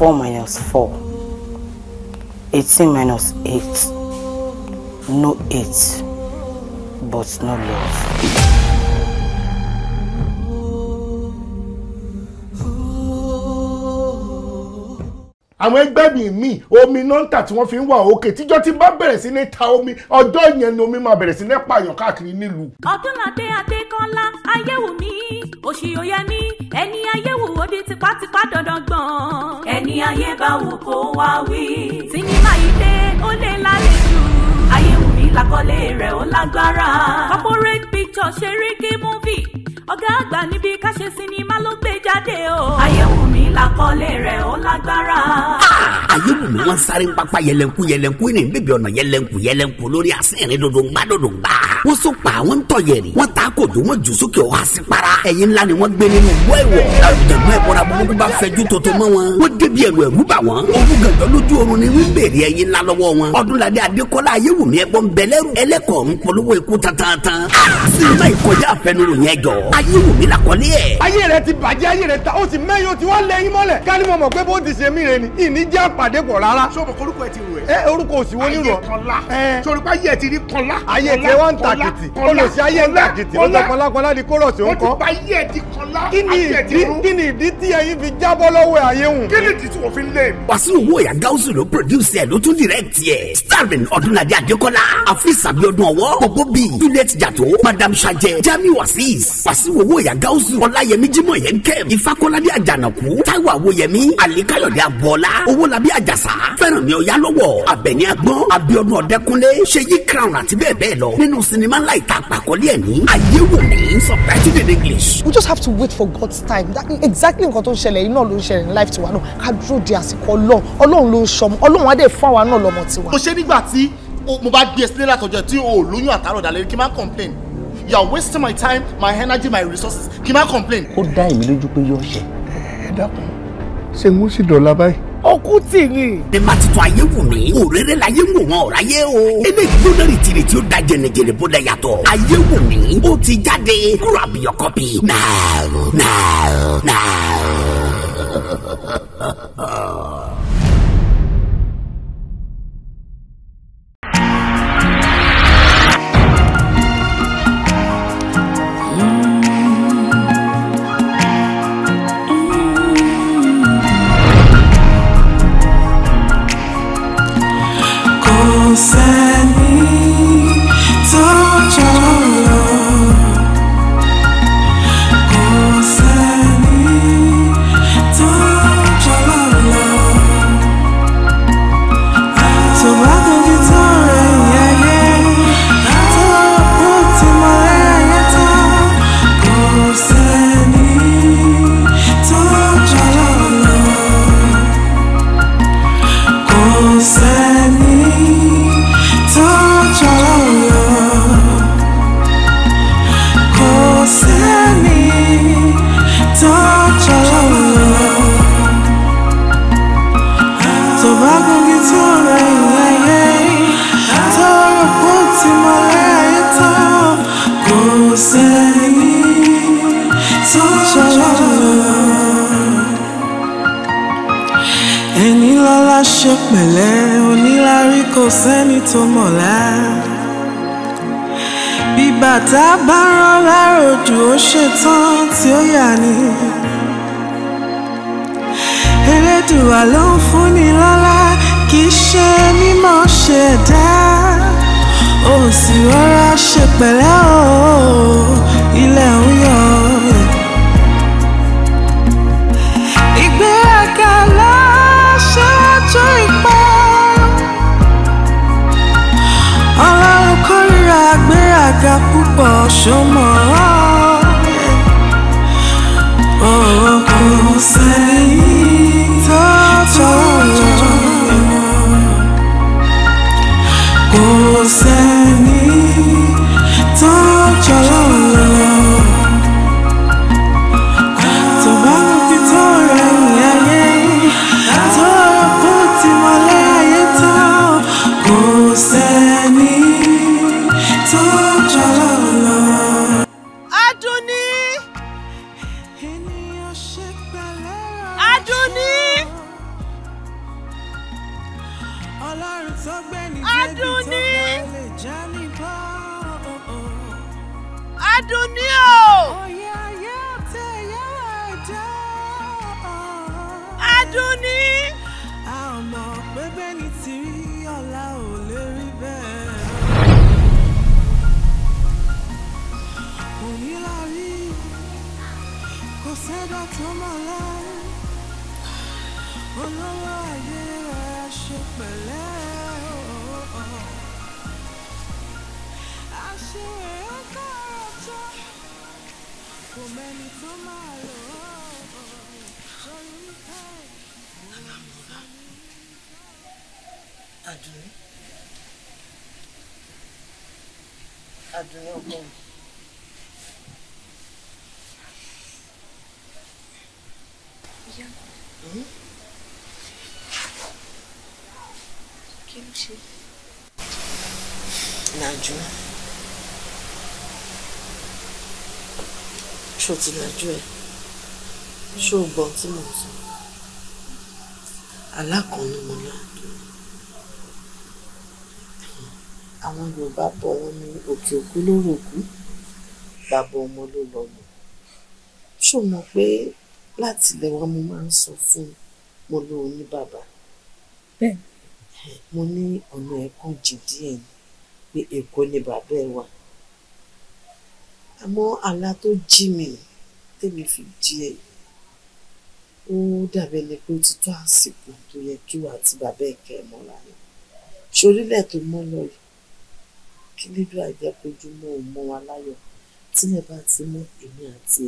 four minus four eighteen minus eight no eight but no love. àwọn ẹgbẹ́ mi mi omi nọ́ńtà tí wọ́n fi ń wà òkè tíjọ́ tí bá bẹ̀rẹ̀ sí ní ta omi ọjọ́ yẹn ni omi máa bẹ̀rẹ̀ sí ní pààyàn káàkiri nílùú. ọdún adé adé kọ́lá ayé wù òṣìyòyẹmí ẹni ayé wùwò di tipátipá dandan gbọ̀n. ẹni ayé bá wò kó wá wí. sinimá yìí dé ó lè lálejò. ayé wù mí lakọ́lé rẹ̀ ó lágbára. corporate picture Seriki movie ọ̀gá àgbà níbi ká ṣe sinimá ló gbé jáde o. ayéwùmí làkọlé rẹ̀ ó lágbára. Ah, ayéwùmí wọn sáré ń pápá yẹlẹnku yẹlẹnku ní bíbí ọ̀nà yẹlẹnku yẹlẹnku lórí àsìnrìn dòdò ńgbà dòdò ńgbà wọ́n sọ pa àwọn ń ni? wọ́n ta kò dùn wọ́n jù sókè ọ̀hà sí para ẹ̀yin ńlá ni wọ́n gbé nínú gbọ́ ìwọ̀ àlùjẹ̀mọ́ ẹ̀bọ̀ra burúkú bá fẹjú tuntun mọ́ wọn wọ́n débi ẹ̀rù ẹ̀rù bà wọ́n òru gànjọ́ lójú oorun ni wọ́n béèrè ẹ̀yin ńlá lọ́wọ́ wọn ọdúnladé adékọ́lá ayéwùmí ẹ̀gbọ́n bẹ̀lẹ́rù ẹlẹ́kọ̀ọ́rùn polówó ikú tantan sinima ìkọjá àfẹnuro yẹn jọ ayéwùmí làkọ́lé ẹ̀. ayé rẹ ti bàjẹ́ ayé rẹ ta ó sì ti wá lẹ́yìn mọ́lẹ̀ káni mo mọ̀ pé bó ti ṣe mí rẹ ni ìní jẹ́ àpàdé pọ̀ rárá. sọ ma orúkọ ẹ ti rò ẹ. ẹ orúkọ òsì wo ni rọ. ayé kọ́lá sọ làkìtì olùsí ayé làkìtì ó sọ kọlákọlá di kórọ̀sì ó ń kọ́. kí ni ìdí tí ẹyin fi jábọ́ lọ́wọ́ ayé hùn. kí ni ìdí tí wọ́n fi lé mi. wàsíù owó ẹ̀yà gáúsù ló produce ẹ̀ ló tún direct ẹ̀ starring ọdúnladé adékọ́lá àfíìsàbí ọdún ọwọ́ gbogbo bíi juliet jato madam sajẹ jamiu wasis wàsíù owó ẹ̀yà gáúsù ọláyẹmí jimoh yẹn kẹ́m ìfakọ́ládé àjànàkú táíwò àwòyẹmí àlíkáyọ̀dé àbọ̀ọ́lá owólabí àjàsà fẹ́ràn mi ọ̀yálọ́wọ̀ àbẹ̀ní àgbọ̀n àbíọ́dún ọ̀dẹ́kúnlé ṣèyí crown àti bẹ́ẹ̀ bẹ́ẹ̀ lọ sinimá ńlá ìtàpá kọ́lé ẹ̀ subtitled in english. we just have to wait for god's time that exactly nǹkan tó ń ṣẹlẹ̀ yìí náà ló ń ṣẹlẹ̀ ní life tiwa náà ká dúró di àsìkò ọlọ́run ọlọ́run ló ń ṣọmọ ọlọ́run á dẹ̀ fún àwa náà lọ́mọ tiwa. mo ṣe nígbà tí mo bá gbé e sílé látọjọ́ tí o lóyún àtàrọ̀ dàlẹ́ kí n má complain you are wasting my time my energy my resources kí n má complain. ó dá èmi lójú pé yóò ṣe. ẹ dákun ṣé ń wọ́n sì dọ̀la báyìí okú tì ní. ẹ má ti tún ayé wù mí òréré la yé wò wọn ọ̀rá yé o. ilé ìgbóná rìtìrì tí ó da jẹnìjẹnì bó da yàtọ̀. ayé wù mí ó ti jáde grab your copy now now now. sẹ́ni tó mọ̀lá bí bàtà bá rán láròjù ó ṣetán tí ó yà ni elédùà ló ń fúnni lọ́lá kì í ṣe mímọ̀ ṣẹ̀dá ó rọra ṣe pẹ̀lẹ́ o. show me ti lajú ẹ̀ ṣó o gbọ́ tí mò ń sọ alákànnú mo náà àwọn Yorùbá bọ̀ wọ́n ní òkè òkú ló ròkú bàbá ọmọ ló lọ lò ṣó mọ̀ pé láti ilẹ̀ wa mo máa ń sọ fún mo lo oní bàbá mo ní ọ̀nà ẹ̀kan jì díẹ̀ ni pé Èkó ni bàbá ẹ wà àmọ́ àlá tó jí tèmi fi jí ẹ ó dàbẹ̀ lè pé ó ti tó àsìkò tó yẹ kí wà àti bàbá ẹ̀ kẹ́ ẹ mọ́ra ni ṣorílẹ̀ tó mọ́ lọ yìí kí lílo àjẹpọ̀jùmọ̀ ò mọ́ wa láyọ̀ tílẹ̀ bá ti mú èmi àti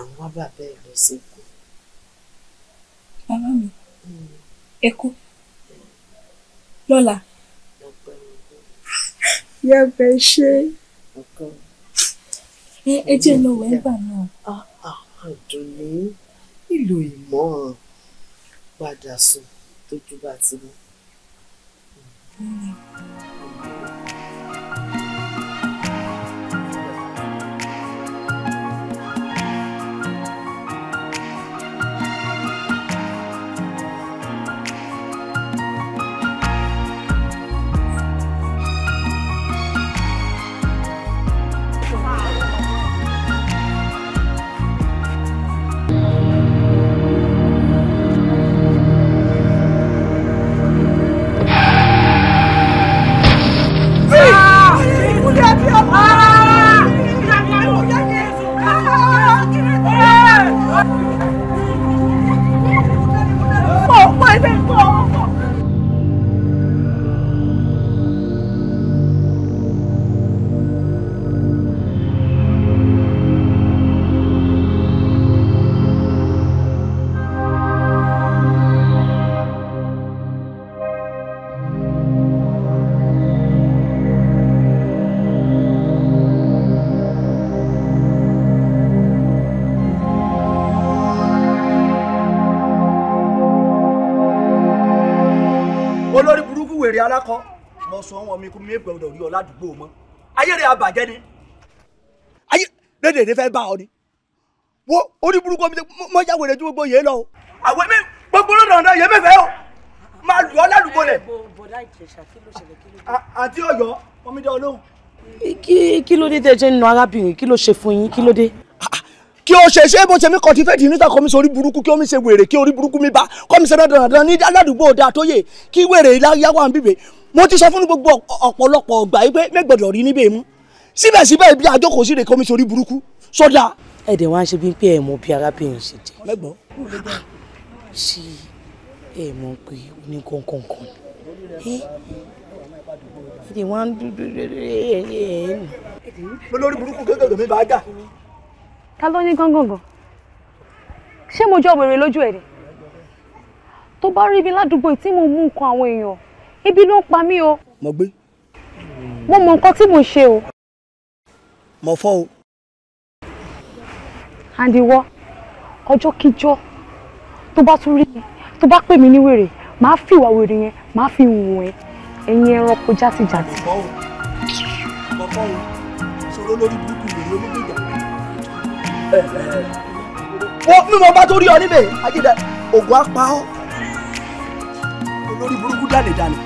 àwọn bàbá ẹ̀ lọ sí Èkó. màmá mi Èkó hmm. lọ́la yẹ bẹ ṣe ẹ jẹ́ lọ́wọ́ ẹ̀ gbà náà. Ah àdùnní ìlú ìmọ̀ràn padà sùn tójú bá ti mú. Mm-hmm. alákọ mo sọ wọn mi kú mi gbọ́dọ̀ rí ọ ládùúgbò mọ ayé rẹ abàjẹ́ ni ayé lédè rẹ fẹ́ bá ọ ni wo orí mi mọ jáwé rẹ ju gbogbo yẹn lọ o. àwọn mi gbogbo lọ́dọ̀ náà yẹn mẹ́fẹ́ o máa lù ọ ládùúgbò rẹ. àti ọyọ ọmọdé Ọlọ́run. kí ló dé tẹ́ ẹ jẹ́ nínú arábìnrin kí ló ṣe fún yín kí ló dé. Ah, ah, kí o ṣe ṣe bó ṣe mí kọ́ ti fẹ́ di níta kọ́ mi sọ orí burúkú kí o mi ṣe wèrè kí orí burúkú mi bá kọ́ mi ṣe dandan dandan ní aládùúgbò dáa tó yẹ kí wèrè yáwó àbíbè mo ti sọ fún gbogbo ọ̀pọ̀lọpọ̀ ọgbà yìí pé mẹ́gbọ̀dọ̀ rí níbẹ̀ mú síbẹ̀síbẹ̀ bí àjókòó sí rè kọ́ mi sọ orí burúkú sọ́dà. ẹ̀dẹ̀ wá ń ṣe bí pé ẹ̀ mọ bí arábìnrin ṣe jẹ́. mẹ́gbọ́. ṣé ẹ mọ̀ pé oníkankankan ni ẹ̀dẹ̀ wá ń dúdú ẹ̀ẹ́n. olórí burúkú gẹ́gẹ́ mi bá gà ta ló ní gángangàn ṣé mo jọ wèrè lójú ẹ̀ ni tó bá rí ibi ládùúgbò tí mo mú nǹkan àwọn èèyàn ibi ló ń pa mí o. mo gbé. mo mọ nǹkan tí mo ṣe o. mo fọ́ o. àǹdíwọ́ ọjọ́ kíjọ́ tó bá tún rí mi tó bá pè mí ní wèrè màá fi ìwà wèrè yẹn màá fi hùwù ẹ ẹ̀yin ẹranko játijàti. mo fọ́ o mo fọ́ o sọ̀rọ̀ lórí burúkú ìròyìn olóògbé wọ́n mímọ bá tó rí ọ níbẹ̀ ajídá ògùn apá ọ olórí burúkú dànù dànù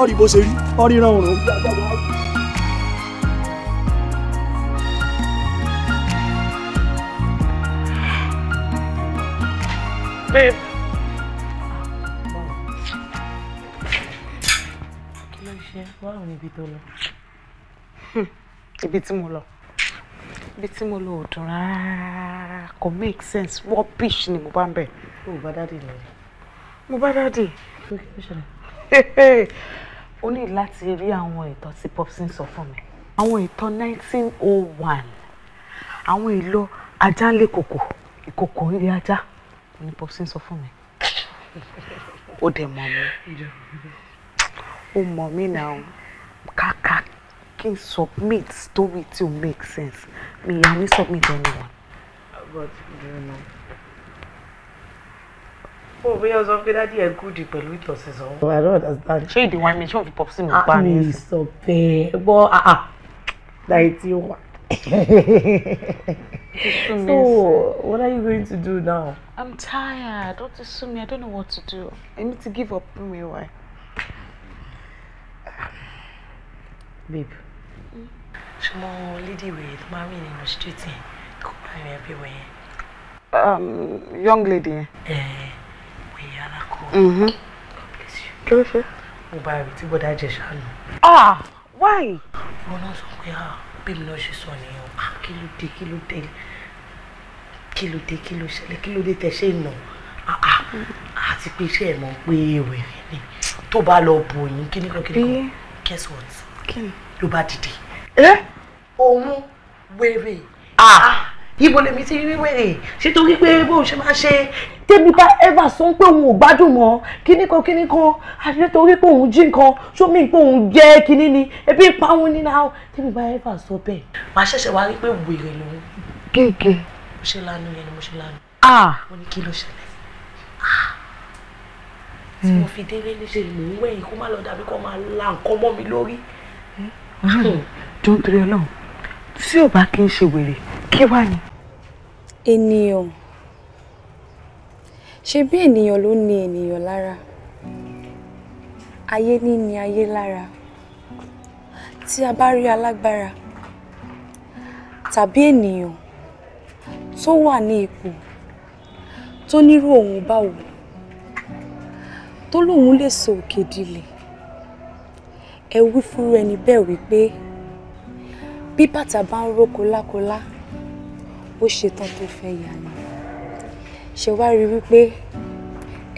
ọ rí bó ṣe rí ọ rí ràn òrùn. babe. kí ló ṣe báwo ni ibi tó lọ hmm, ibi tí mo lọ bí tí mo lò ó rárá kò make sense rubbish ni mo bá ń bẹ̀. o ò bá dáàdì lọ. mo bá dáàdì. o ní láti rí àwọn ìtàn tí popsin sọ fún mi àwọn ìtàn 1901 àwọn ìlò ajá lé kòkò ìkòkò ń lé ajá ni popsin sọ fún mi ó dẹ̀ mọ̀ mí ó mọ̀ mí náà kákàkí kí submit story tí make sense Me, I need submit anyone. but do you know Oh, o bí ọsọ pé dádì good with pẹ̀lú ìtọ̀sí sọ. I don't understand. Show you the one. ṣé òfin pọ̀pù sí mi pa ah, ni. mi sọ bẹ́ẹ̀ bọ́ ah, láì tí ó wà. so what are you going to do now. I'm tired Don't assume me. I don't know what to do I need to give up me mi wá. babe ṣùgbọ́n lady wey tó máa rìn street yẹn everywhere Um, young lady yẹn. ẹ wẹ̀ yàrá kọ. God bless you. kí ló ṣe. mo bá rí tí bọ́dá ah why. wọn náà sọ pé ah bẹ́ẹ̀ mi náà ṣe sọ ah kí ló dé kí ló dé kí ló dé kí ló ṣẹlẹ̀ kí ló dé tẹ̀ ṣe nà àti ah, ah. pé iṣẹ́ ẹ̀ mọ̀ pé ni tó bá lọ bò yín kí ni kan kí guess what ló bá dìde òun wèrè ibo lèmi ti rí wèrè sítorí pé bó ṣe máa ṣe tẹ́bi bá ẹ́fà sọ pé òun ò gbádùn mọ́ kíní kan kíní kan àṣẹ torí pé òun jí nǹkan sómi pé òun jẹ́ kíní ni ebi ìpáhùn ní náà tẹ́bi bá ẹ́fà sọ bẹ́ẹ̀. màá ṣẹ̀ṣẹ̀ wá rí pé wèrè lòun. kéèké. mo ṣe lanu yẹn ni mo ṣe lanu. mo ní kí ló ṣẹlẹ̀ hmm. tí mo fi délé léṣe ìlú wẹ̀yìn kó má lọ dàbí kó máa la nǹkan mọ́ mi lórí. Hmm. jọ ń torí ọlọ́run tí ò bá kí n ṣe wèrè kí wá ni. ènìyàn ṣe bí ènìyàn ló ní ènìyàn lára ayé ní ní ayé lára tí a bá rí alágbára tàbí ènìyàn tó wà ní ipò tó nírú òun báwo tó lóun lè sọ òkè dilẹ̀ ẹ wí fúnrú ẹni bẹ́ẹ̀ wípé bí bàtà bá ń ró kólákólá ó ṣetán tó fẹ́ yà ni ṣe wá rí wípé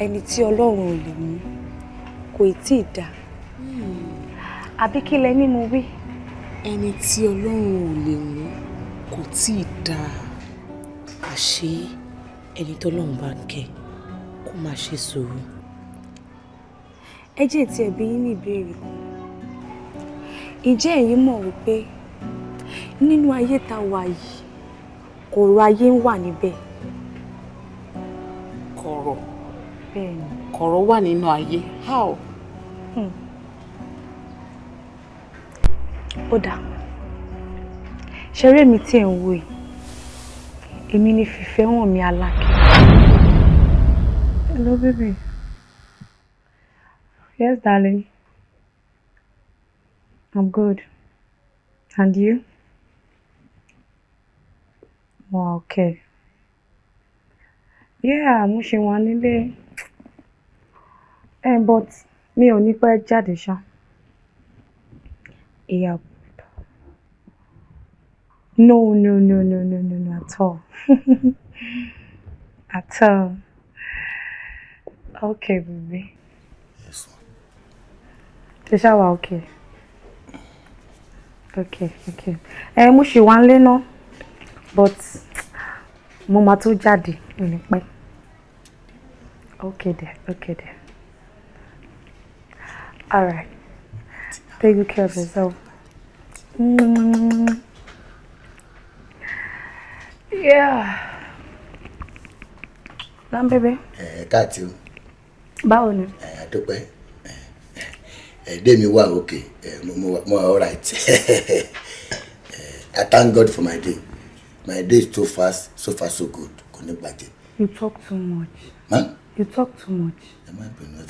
ẹni tí ọlọ́run ò lè mú kò tí ì dá àbí kí lẹ ní mo wí. ẹni tí ọlọ́run ò lè mú kò tí ì dá àṣé ẹni tọ́lọ́run bá ń kẹ́ kó máa ṣe sùúrù. ẹ jẹ́ ti ẹ̀bi yín ní ìbéèrè kan ǹjẹ́ ẹ̀yin mọ̀ wípé nínú ayé tá wà yìí kọ̀rọ̀ ayé ń wà níbẹ̀. kọ̀rọ̀ kọ̀rọ̀ wà nínú ayé how. Hmm. ó dáa ṣeré mi tí ẹ̀ ń wò yìí èmi ni fìfẹ́ hàn mi alákẹ́. hello baby yes darling. I'm good. And you? Wow, okay. Yeah, I'm mo ṣe wà nílé. Eh, but me only quite pẹ́ jáde ṣá. Yeah. No, no, no, no, no, no, no, at all. at all. Okay, baby. Yes, ma'am. Ṣé ṣá okay? okay okay ẹ mo ṣì wà ń lé but mo máa tó jáde ní pẹ́ okay there okay there all right take good care of yourself. Mm. Yeah. Lamb Eh, Ẹ káàtì o. Báwo ni? Ẹ dúpẹ́ ẹ̀ẹ́dẹ́ mi wà okay mo all right. I thank God for my day my day is so fast so far so good kò ní bàjẹ́. you talk too much. ma? you talk too much.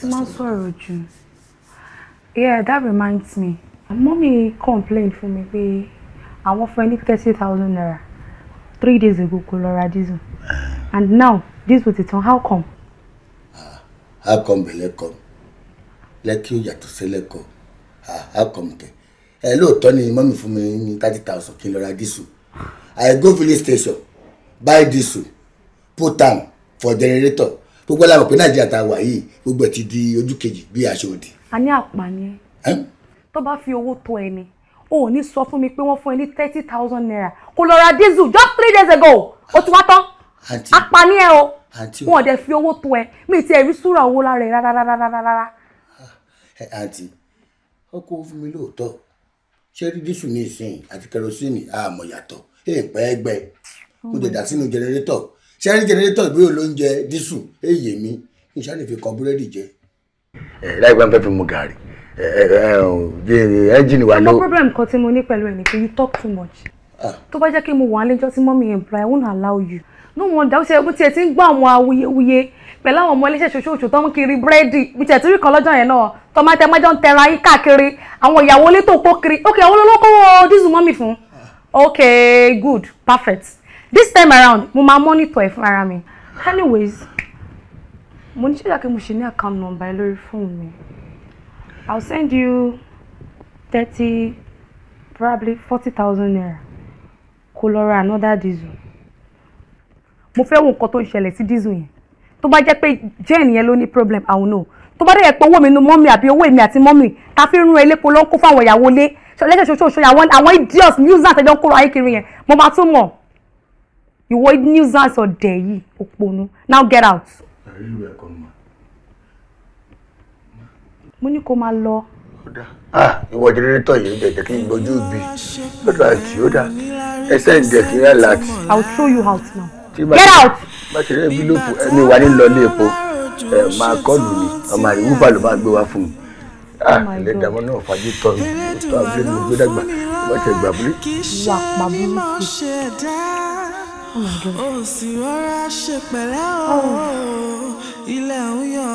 ẹ yeah that reminds me mọ́mí complained for me. pé àwọn for any ní thirty thousand naira three days ago kò lọ and now diesel ti tán how come. ah how come belle come lẹ́kí ò yàtọ̀ sí lẹ́kọ̀ọ́ àkọ́mùkẹ́ ẹ lóòótọ́ ni mọ́mì fún mi ní thirty thousand kí n lọ ra dísù I go village station buy diesel put am for generator gbogbo alamọ pé nàìjíríà tá a wà yìí gbogbo ẹ ti di ojú kejì bí aṣọ òdì. a ní àpàní ẹ tó bá fi owó tó ẹni o ò ní sọ fún mi pé wọ́n fún ẹ ní thirty thousand naira kò lọ ra diesel just three days ago o ti wá tán àpàní ẹ o wọn ò dẹ̀ fi owó tó ẹ mi ti ẹ̀ rí súra owó lára ẹ rárá rárá rárá ẹ àǹtí ọkọ̀ fún mi lóòótọ́ ṣé rí dísù ní ìsìn àti kẹrosínì àmọ̀ yàtọ̀ èèpẹ́ ẹgbẹ́ mo dẹ̀dà sínú jẹnẹrétọ̀ ṣé rí jẹnẹrétọ̀ bí olóúnjẹ dísù èyè mi ní sáré fi kọ búrẹ́dì jẹ. ẹ láì gbọ́n fẹ́ fi mu gàrí ẹ́ńjìnì wa ló. ọmọ problem kan tí mo ní pẹ̀lú ẹ̀ ni pé you talk too much ah. tó bá jẹ́ kí mo wà á lẹ́jọ́ tí mọ́mí ẹ̀ bra I won't allow you no wonder ó ṣe ẹ pẹ̀lú àwọn ọmọ ẹlẹ́ṣẹ̀ ṣoṣooṣù tó ń kiri búrẹ́dì ìtẹ̀tìrì kan lọ́jọ́ yẹn náà tó máa tẹ mẹ́jọ ń tẹra yín káàkiri àwọn ìyàwó ilé tó kó kiri ok àwọn olólókòwò dísù mọ́ fún ok good perfect this time around mo máa monitor ẹ̀ fún ara mi anyways mo ní ṣẹ́yà kí mo ṣe ní account number ẹ lórí fóònù mi i'll send you thirty probably forty thousand naira kó lọ ra another diesel mo fẹ́ wo nǹkan tó ń ṣẹlẹ̀ sí diesel yẹn tó bá jẹ́ pé jane yẹn ló ní problem i will know tó bá dé yẹ pé owó mi nu mọ́mì àbí owó èmi àti mọ́mì ta fi ń rún elépo ló ń kó fáwọn ìyàwó ilé lẹ́sẹ̀ṣoṣoṣo àwọn idiot nuisance ẹjọ́ ń kóra ayé kiri yẹn mo máa tún mọ̀ ìwọ nuisance ọ̀dẹ̀ yìí òpònú now get out. mo ní kó máa lọ. Ah, ìwọ jẹrẹrẹtọ yìí jẹjẹ kí n gbójú bí lọ́dọ̀ àti ó dá ẹsẹ̀ ń jẹ kí n yà láti. i will show you out now. get out báṣẹrẹ bílòpù ẹni wà ní lọlé epo ẹ máa kọlù ni ọmọ àyè wúbà ló máa gbé wá fún mi oh ah ẹlẹdàmọ náà fàájì tọ mi tó abúlé mi gbé dàgbà báṣẹ gbà abúlé. wà pa burúkú. òsì ọ̀rá ṣe pẹ̀lẹ́ o oh. ilẹ̀ ń yọ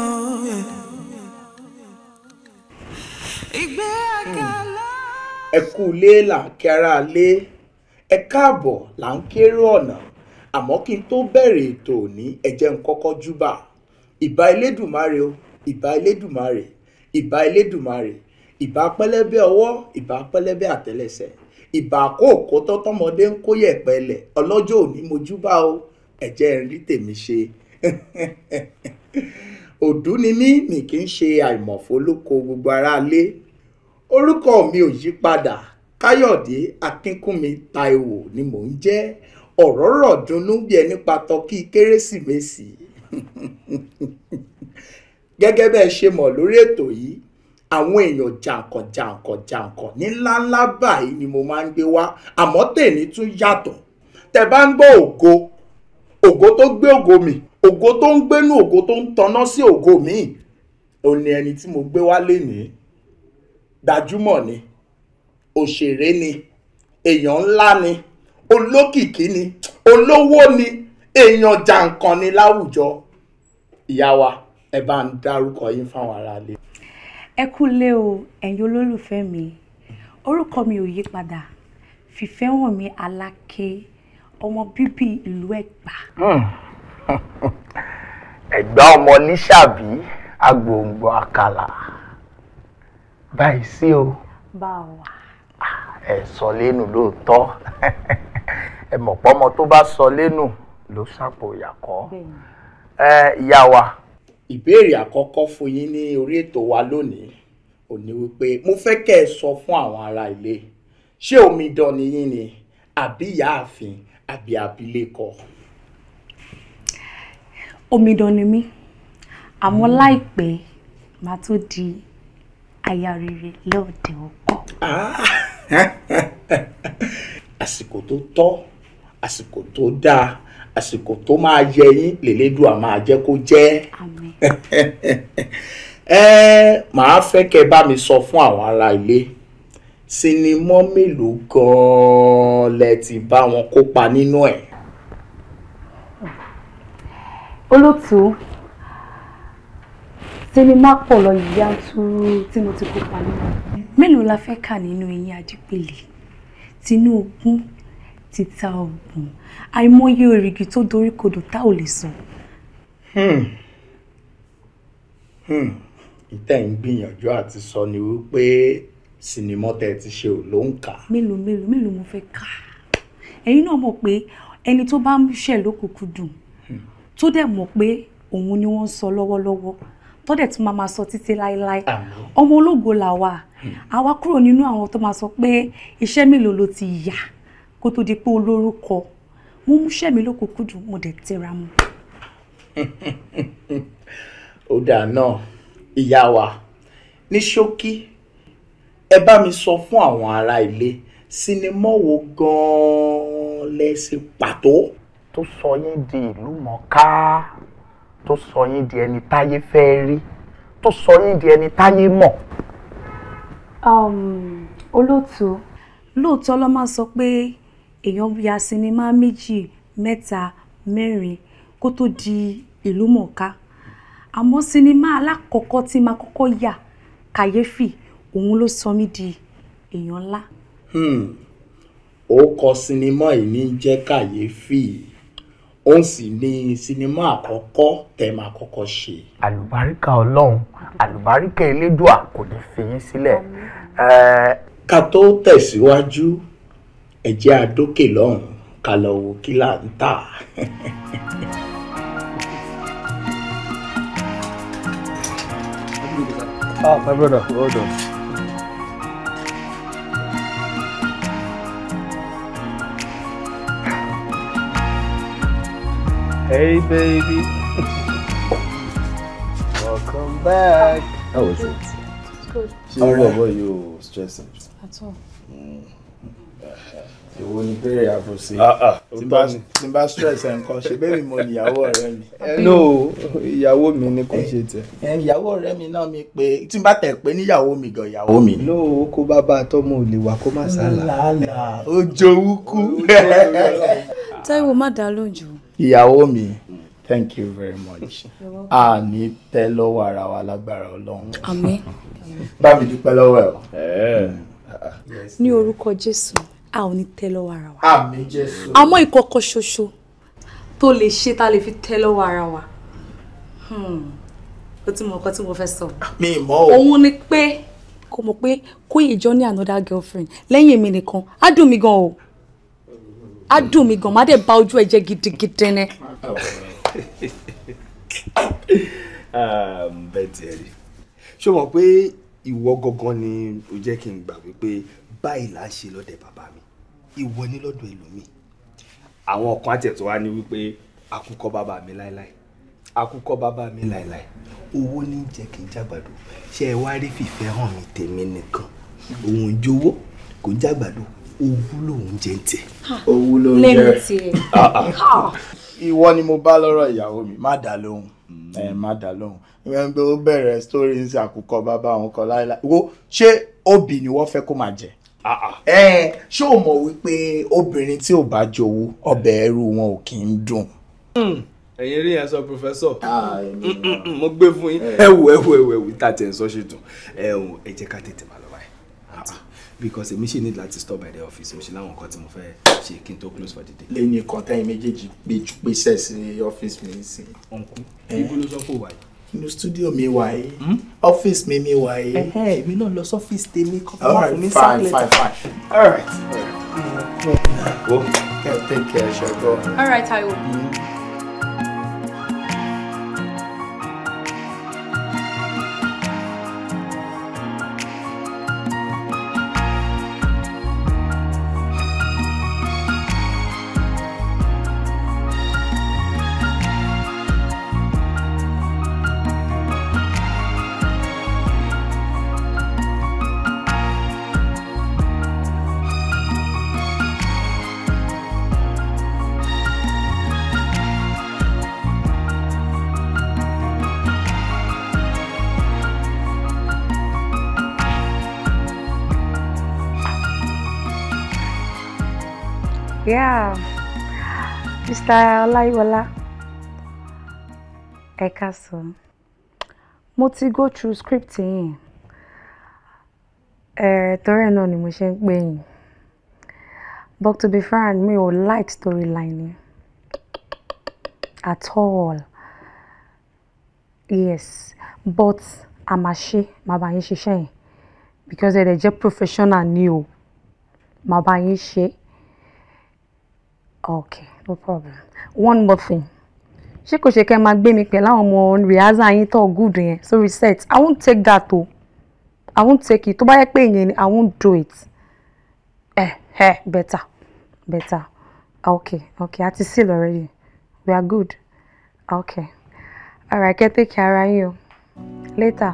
ìgbé àga hmm. lọ. ẹ kú ilé là ń kí ara lé ẹ káàbọ̀ là ń kéré ọ̀nà àmọ́ kí n tó bẹ̀rẹ̀ ètò òní ẹ jẹ́ n kọ́kọ́ júbà ìbà elédùmarè o ìbà elédùmarè ìbà elédùmarè ìbà pẹlẹbẹ ọwọ́ ìbà pẹlẹbẹ àtẹ́lẹsẹ̀ ìbà àkókò tọtọmọdé ń kó yẹ̀pẹ̀ lẹ̀ ọlọ́jọ́ òní mo júbà o ẹ jẹ́ n rí tèmi ṣe òdú ni mí mi kì í ṣe àìmọ̀fó gbogbo aráalé orúkọ mi ò yí padà káyọ̀dé akínkúnmi taiwo ni mò ń jẹ́ ọ̀rọ̀ rọ̀ dunnú bí ẹni pa tọkí kérésìmesì gẹ́gẹ́ bẹ́ẹ̀ ṣe mọ̀ lórí ètò yìí àwọn èèyàn jàǹkàn jàǹkàn jàǹkàn ní ńláńlá báyìí ni mo máa ń gbé wá àmọ́ tèmi tún yàtọ̀ tẹ bá ń gbọ́ ògo ògo tó gbé ògo mi ògo tó ń gbénú ògo tó ń tanná sí ògo mi ò ní ẹni tí mo gbé wá lénìí gbajúmọ̀ ni òṣèré ni èèyàn ńlá ni olókìkí ni olówó ni èèyàn jàǹkàn ni láwùjọ ìyá wa ẹ bá ń dárúkọ yín fáwọn aráalé. ẹ kúlé o ẹ̀yin olólùfẹ́ mi orúkọ mi ò yí padà Fìfẹ́wọ̀nmi Aláké ọmọ bíbí ìlú Ẹ̀gbá. Hmm. Ẹ̀gbá ọmọ níṣàbí agbòǹgbò àkàlà báyìí sí o. bá ah, ẹ sọ lẹ́nu lóòótọ́. ẹ mọ̀ pọ́mọ tó bá sọ lẹ́nu ló sàpò ìyàkọ́ ìyá wa. ìbéèrè àkọ́kọ́ fún yín ní orí ètò wa lónìí ò ní wípé mo fẹ́ kẹ́ ẹ sọ fún àwọn ará ilé ṣé omidan ni yín ni àbí ìyá àfin àbí abilékọ. omidan ni mí àmọ́ hmm. láìpẹ́ màá tó di aya rere lóde ọkọ. Ah! àsìkò tó tọ́ àsìkò tó dáa àsìkò tó máa yẹ yín lèlédùà máa jẹ́ kó jẹ́ ẹ màá fẹ́ kẹ́ bá mi sọ fún àwọn ará ilé sinimọ́ mélòó gan-an lẹ ti bá wọn kópa nínú ẹ̀. olótú sinimá pọ̀ lọ yanturu tí mo ti kópa nínú. mélòó la fẹ́ kà nínú eyín ajípèlé tinú títa oògùn àìmọye òrìgì tó dorí kodò tá ò lè sọ. Hmm. Hmm. ìtẹ́ ń gbìyànjú àti sọ ni wípé sinimá tẹ ti ṣe ò ló ń kà. mélòó mélòó mélòó mo fẹ́ kà ẹ̀yin náà mọ̀ pé ẹni tó bá ń ṣẹ̀ lókùnkùn dùn hmm. tó dẹ̀ mọ̀ pé òun ni wọ́n ń sọ lọ́wọ́lọ́wọ́ tó dẹ̀ tún máa máa sọ títí láéláé ọmọ ológo là àwa kúrò nínú àwọn tó máa sọ pé iṣẹ́ mélòó ló ti yà kó tó di pé olórúkọ mo múṣẹ́ mi lókùnkúndùn mo dẹ̀ tẹra mu. ó dáa náà ìyá wa ní ṣókí ẹ bá mi sọ fún àwọn ará ilé sinimá wo gan-an lẹ́sìn pàtó. tó sọ yín di ìlú mọ̀ọ́ká tó sọ yín di ẹni táyé fẹ́ rí tó sọ yín di ẹni táyé mọ̀. Um, olóòtú lóòótọ́ ló máa sọ pé èèyàn ya sinimá méjì mẹ́ta mẹ́rin kó tó di ìlú mọ̀ọ́ká àmọ́ sinimá alákọ̀ọ́kọ́ tí ma kọ́kọ́ yà kàyéfì òun ló sọ mí di èèyàn ńlá. Hmm. ó kọ sinimá yìí ní jẹ́ kàyéfì ó sì ní sinimá àkọ́kọ́ tẹ̀ máa kọ́kọ́ ṣe. àlùbáríkà ọlọ́run àlùbáríkà elédùà kò ní fi yín sílẹ̀. ká tó tẹ̀síwájú ẹ jẹ́ àdókè lọ́hùn ká lọ wo kí là ń tà. Ah, hey, baby. Welcome back. How was it? good. How right. were you stressing? At all. Mm èwo ni bẹ́ẹ̀ àbòsí ah, ah, tí n bá stress ẹ̀ nǹkan ṣe bẹ́ẹ̀ mi mo níyàwó ọ̀rẹ́ mi. no ìyàwó mi ni kò eh, ṣe tẹ. Eh, ìyàwó ọ̀rẹ́ mi náà mi pé tí n bá tẹ̀ pé níyàwó mi gan ìyàwó mi. no kó bá bá a tọ́mọ ò lè wà kó má sálà. lálà ó jowú kú. Táíwò má dá lójú. ìyàwó mi thank you very much a ní tẹ́ lọ́wọ́ ara wa lágbára Ọlọ́run. àmín. bá mi dúpẹ́ lọ́wọ́ ẹ̀ eh. ní orúkọ Jésù a ò ní tẹ́ lọ́wọ́ ara wa. àmín Jésù. àmọ́ ìkọ̀kọ̀ ṣoṣo tó lè ṣe tá a lè fi tẹ́ lọ́wọ́ ara wa hmm. ó ti mọ nǹkan tí mo fẹ́ sọ. mi mọ o. òun ni pé kò mọ̀ pé Kóyè jọ ní another girlfriend lẹ́yìn èmi nìkan á dùn mí gan o á dùn mí gan má dẹ̀ bà ojú ẹ̀ jẹ́ gidigidi ni. bẹ́ẹ̀ tiẹ̀ rí ṣé o mọ̀ pé ìwọ gangan ni o jẹ́ kí n gbà wípé báyìí là ń ṣe lọ́dẹ̀ bàbá ìwọ ní lọ́dọ̀ ẹlòmíì àwọn ọ̀kan àtẹ̀tọ̀ wa ni wípé akúkọ bàbá mi láéláé akúkọ bàbá mi láéláé owó ní jẹ́ kí n jàgbàdo ṣé ẹ wá rí fìfẹ́ hàn mi tèmi nìkan òun ń jowó kò ń jàgbàdo owó lòun jẹ ń tẹ. owó ló ń jẹ ìwọ ni mo bá lọ́rọ̀ ìyàwó mi má dá lóhùn má dá lóhùn ó bẹ̀rẹ̀ sítórì ń ṣe àkúkọ bàbá òun kan láéláé wo ṣé obì ni wọ́n fẹ́ kó máa jẹ Ah, ah. ṣé o mọ̀ wípé obìnrin tí ò bá jowú ọbẹ̀ ẹrú wọn ò kì í dùn. Hmm. ẹ̀yin rí yẹn sọ pòfẹ́sọ̀ ah, hmm, hmm, mo gbé fún yín. Eh. ẹ wò ẹ wò ẹ wò ẹ wò tá a tẹ̀ ń sọ ṣe dùn ẹ wò ẹ jẹ́ ká tètè máa lọ báyìí àǹtí because èmi ṣì need láti stop by the office mo ṣe láwọn nǹkan tí mo fẹ́ ṣe kí n tó close for the day. lẹ́yìn kan tẹ́yìn méjèèjì gbé jù pé sẹ́ẹ̀sì ọ́fíìsì mi sí. ọ̀nkú ibo ló sọ pé wà yìí inú studio mi wà yìí ọ́fíìsì hmm? mi mi wà yìí. èmi náà lọ office tèmi kọ́ fún wa fún mi sáàlẹ̀ tà. all right all right. Hmm, wo take care ṣe gbọ́. all right Taiwo. Mm -hmm. Yeah. Mr. Olaiwola. Ẹ káàsán. Mo ti go through scripting. Eh, torí náà ni mo ṣe ń pè yín. But to be frank, mi ò like storyline At all. Yes, but a máa ṣe, màá bá yín ṣiṣẹ́ yẹn. Because ẹ dẹ̀ jẹ́ professional ni o. Màá bá yín ṣe é okay no problem one more thing ṣé kò ṣe kẹ́ máa gbé mi pẹ̀lú àwọn ọmọ rìhásà yín tó good yẹn sórí set i won't take that o i won't take it tó bá yẹ pé ìyẹn ni i won't do it ẹ eh, ẹ eh, better better okay okay àti seal already we are good okay alright kẹ́ take care ara yín o later.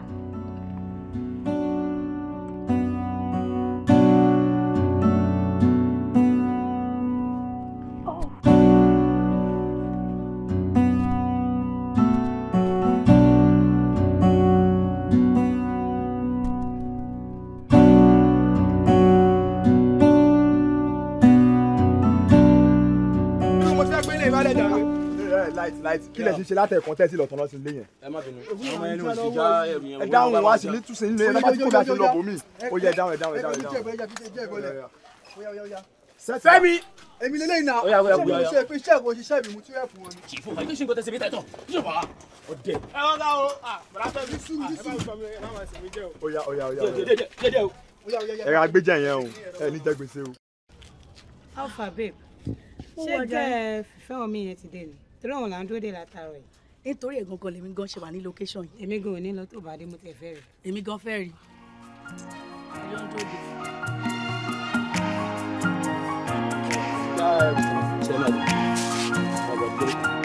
kí lẹ ṣe ṣe látẹ̀kọ́ tẹ́sí lọ tọ́nà sí ilé yẹn. ẹ má bínú ọmọ ẹni ò sì já ẹrù yẹn. ẹ dáhùn wá sí ní túnṣe nílé ẹ bá ti kó bí a ti lọ bò mí. ó yẹ dáhùn ẹ dáhùn ẹ dáhùn. Fẹ́mi èmi lè lẹ́yìn náà ṣé mi ṣe pé iṣẹ́ ìwọ ṣiṣẹ́ mi mú tí ó yẹ fún wọn ni. kì í fún wa kí ló ṣe nǹkan tẹ̀sí mi tẹ̀tọ̀ kí ló wà á. ọdẹ. ẹ wọ́n dá o bàrà fẹ́ mi sùn mi sùn. ẹ má ma ṣe mí jẹ o. oya oya oya oya ẹ ra gbẹjẹ yẹn o ẹ ní jẹ gbèsè o. alpha babe ṣé gẹ́ẹ́ fẹ́ràn mi yẹn ti dé ni torí àwọn là ń dúró dé látàrọ yìí. nítorí ẹ̀gangan lèmi gan ṣe wà ní location yìí. èmi gan ò ní lọ tó bá dé mo tẹ fẹ́ rí. èmi gan fẹ́ rí. Thank you.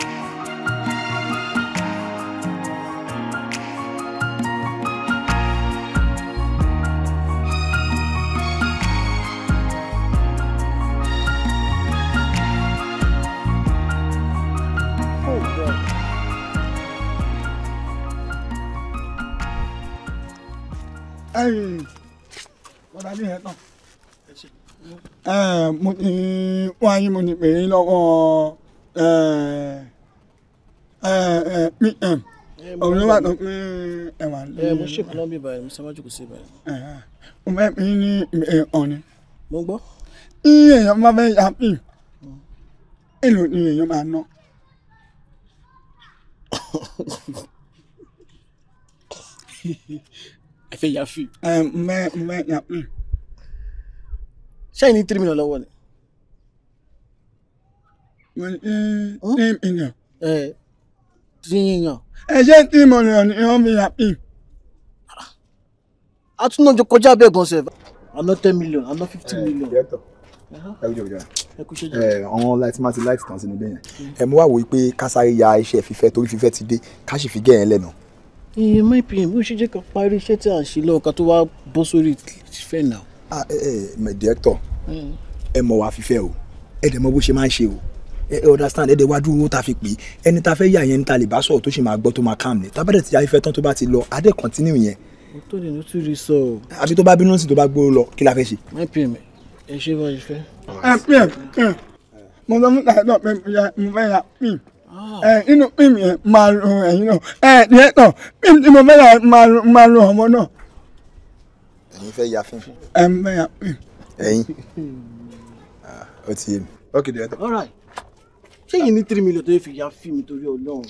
bọ́dà mo ti pè é lọ́wọ́ pm òun tó pé ẹ̀wà lé. mo ṣèkú náà bí ìbàdàn mo sábà jòkó sí ìbàdàn. mo fẹ́ pín ní ọ̀nì. mo gbọ́. iye èèyàn bá fẹ́ ya pín èlò ni èèyàn máa ná afẹ ya fi. ẹ mẹ mẹ ya. ṣé ẹni three million lọ́wọ́ ni. Mm, three million. ẹ three million. ẹ ṣe three million ni wọ́n fi ya fi. a tún náà jọ kọjá abẹ́ gan sef àná ten million àná fifty million. Àwọn láti máa ti láìsí kan sínú ilé yẹn. Ẹ mú wá wò pé ká sáré ya iṣẹ́ fífẹ́ torí fífẹ́ ti dé ká sì fi gẹ̀ yẹn lẹ́nu ẹ má pè é bó ṣe jẹ́ ká parí iṣẹ́ tí à ń ṣe lọ́wọ́ ká tó wá bọ́ sórí ìfẹ́ náà. ah eh, eh, hmm. ẹ ẹ my director ẹ mọ̀ wá fífẹ́ o ẹ dẹ̀ mọ̀ bó ṣe máa ń ṣe o ẹ ẹ understand ẹ dẹ̀ wá dúró owó tá a fi pè é ẹni tá a fẹ́ yà yẹn ní ta lè bá sọ̀rọ̀ tó ṣe máa gbọ́ tó máa calm ni tábàdẹ̀ tí ayífẹ́ tán tó bá ti lọ adé continue yẹn. mo tó lè tún rí sọ o. àbí tó bá bínú sí tó bá gbóró lọ kí la fẹ́ ṣe. my pm ẹ ṣe bá ṣe fẹ́. ẹ pm mo lọ inú mímì ẹ máa rún ẹyin náà ẹ yẹn náà mímì tí mo fẹ́ yà máa rún ọmọ náà. ẹ̀yin fẹ́ ya fínfín. ẹ ń fẹ́ ya fínfín. ẹ̀yin ó ti yé mi. ok di ẹtọ. ọ̀rọ̀ ṣé yìí ní three million tó yẹ fi ya fíìmù torí ọlọ́run.